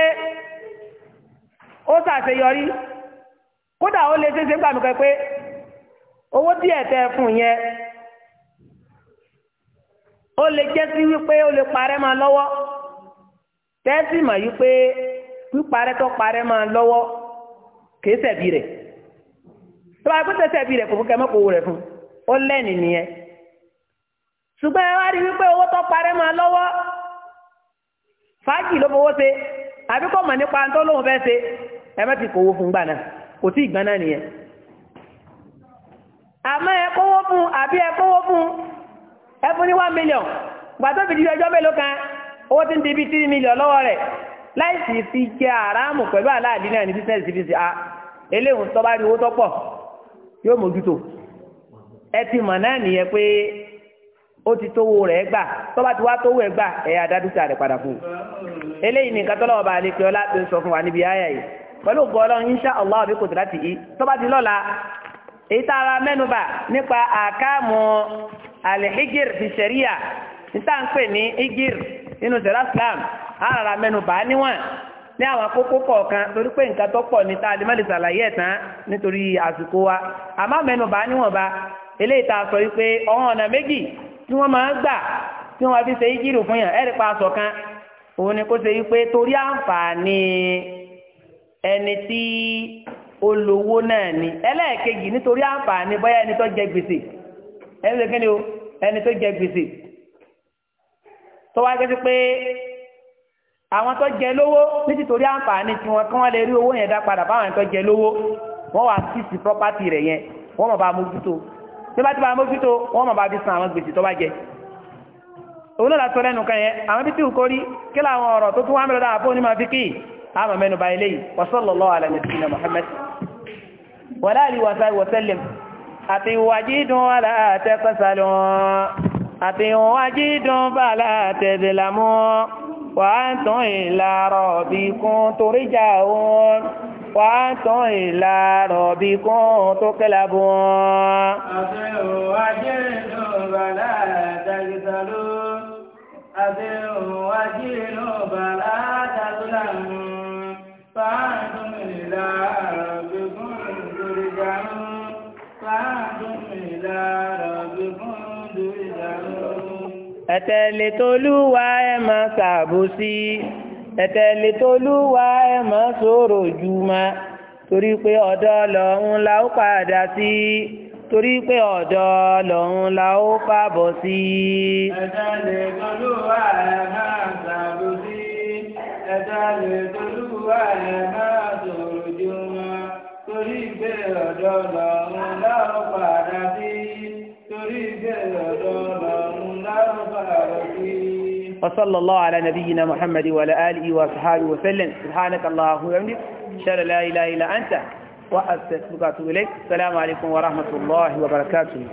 ó ṣàṣeyọrí kódà ó lè ṣeéṣe gbàmí kan pé owó díẹ̀ tẹ́ fún yẹn ó lè jẹ́ sí wípé ó lè parẹ́ máa lọ́wọ́. tẹ́sí mà yí pé píparẹ́ tó parẹ́ máa lọ́wọ́ kìí sẹ̀bi rẹ̀ tó bá pété sẹ̀bi rẹ̀ kò fún kẹ́mẹ́ kò wò rẹ̀ fún ó nìyẹn ṣùgbọ́n ẹ wá rí wípé owó tó parẹ́ máa lọ́wọ́ fàájì ló fowó ṣe àbí kò mọ̀ nípa tó lóun fẹ́ ṣe ti kówó fún kò tí ì nìyẹn ẹ kówó fún àbí ẹ kówó fún ẹ fún ní one million ọjọ́ owó tí ń di bíi tírí mílíọ̀n lọ́wọ́ rẹ̀ láìsí fi jẹ àràmù pẹ̀lú náà ní bísíǹsì a elehun tó bá rí owó tó pọ̀ yóò mójútó ẹ ti mọ̀ náà nìyẹn pé ó ti tówó rẹ̀ gbà tó bá ti wá tówó gbà ẹ̀yà rẹ̀ padà fún un eléyìí ní wa níbi ayà yìí pẹ̀lú insha Allah bí kò tó láti yí tó bá ti lọ́la èyí tá a ra mẹ́nuba nípa igir nínú sẹ̀rá Islam àràrà mẹ́nu bá níwọ̀n ní àwọn kókó kọ̀ọ̀kan torí pé nǹkan tó pọ̀ ní tá a lè má lè ṣàlàyé ba eléyìí tá a sọ wípé ọ̀hún ọ̀nà méjì tí wọ́n máa ń gbà tí wọ́n fi ṣe ìjírò fún yàn ẹ̀rí pa aṣọ kan òun ni kó ṣe wípé torí àǹfààní ẹni tí olówó ni ẹlẹ́ẹ̀kejì nítorí àǹfààní ẹni tó jẹ gbèsè ẹni tó tó wá gẹ́gẹ́ pé àwọn tó jẹ lówó ní títorí àǹfààní tí wọn kán lè rí owó yẹn dá padà fáwọn tó jẹ lówó wọn wà sísì property rẹ̀ yẹn wọn mọ̀ bá mójútó tí bá ti bá mójútó wọn mọ̀ bá fi san àwọn gbèsè tó bá jẹ òun náà látọ̀ lẹ́nu kan yẹn àwọn bí tí ò kórí kí láwọn ọ̀rọ̀ tó tún wá mẹ́rọ dáa fún onímọ̀ fíkì àmọ̀ mẹ́nu bá ilé yìí wa sallallahu ala nabiyyina Muhammad wa alihi wa sahbihi wa sallam àti ìwàjí dùn wà látẹ́kọ̀ọ́sálọ́n àtìwọ̀n ajídùn bàlá tẹ̀dẹ̀lámú wà á tún ìlà rọ̀bì kún torí jà òun wà á tún ìlà rọ̀bì kún tó kẹ́lá bù wọn. àtìwọ̀n ajídùn bàlá tẹ̀dẹ̀lámú àtìwọ̀n ajídùn bàlá tẹ̀dẹ̀lámú wà á tún ìlà rọ̀bì kún torí jà òun wà á tún ìlà rọ̀bì kún ẹ̀tẹ̀lẹ̀ tolúwa ẹ̀ máa ṣàbòsí ẹ̀tẹ̀lẹ̀ tolúwa ẹ̀ máa sọ̀rọ̀ jùmọ̀ torí pé ọ̀dọ̀ lọ́hún la ó padà sí torí pé ọ̀dọ̀ lọ́hún la ó fàbọ̀ sí. ẹ̀tẹ̀lẹ̀ tolúwa ẹ̀ máa ṣàbòsí ẹ̀tẹ̀lẹ̀ tolúwa ẹ̀ máa sọ̀rọ̀ jùmọ̀ torí pé ọ̀dọ̀ lọ́hún la ó padà sí. وصلى الله على نبينا محمد وعلى آله وصحبه وسلم سبحانك اللهم وبحمدك شر لا إله إلا أنت وأستغفرك إليك السلام عليكم ورحمة الله وبركاته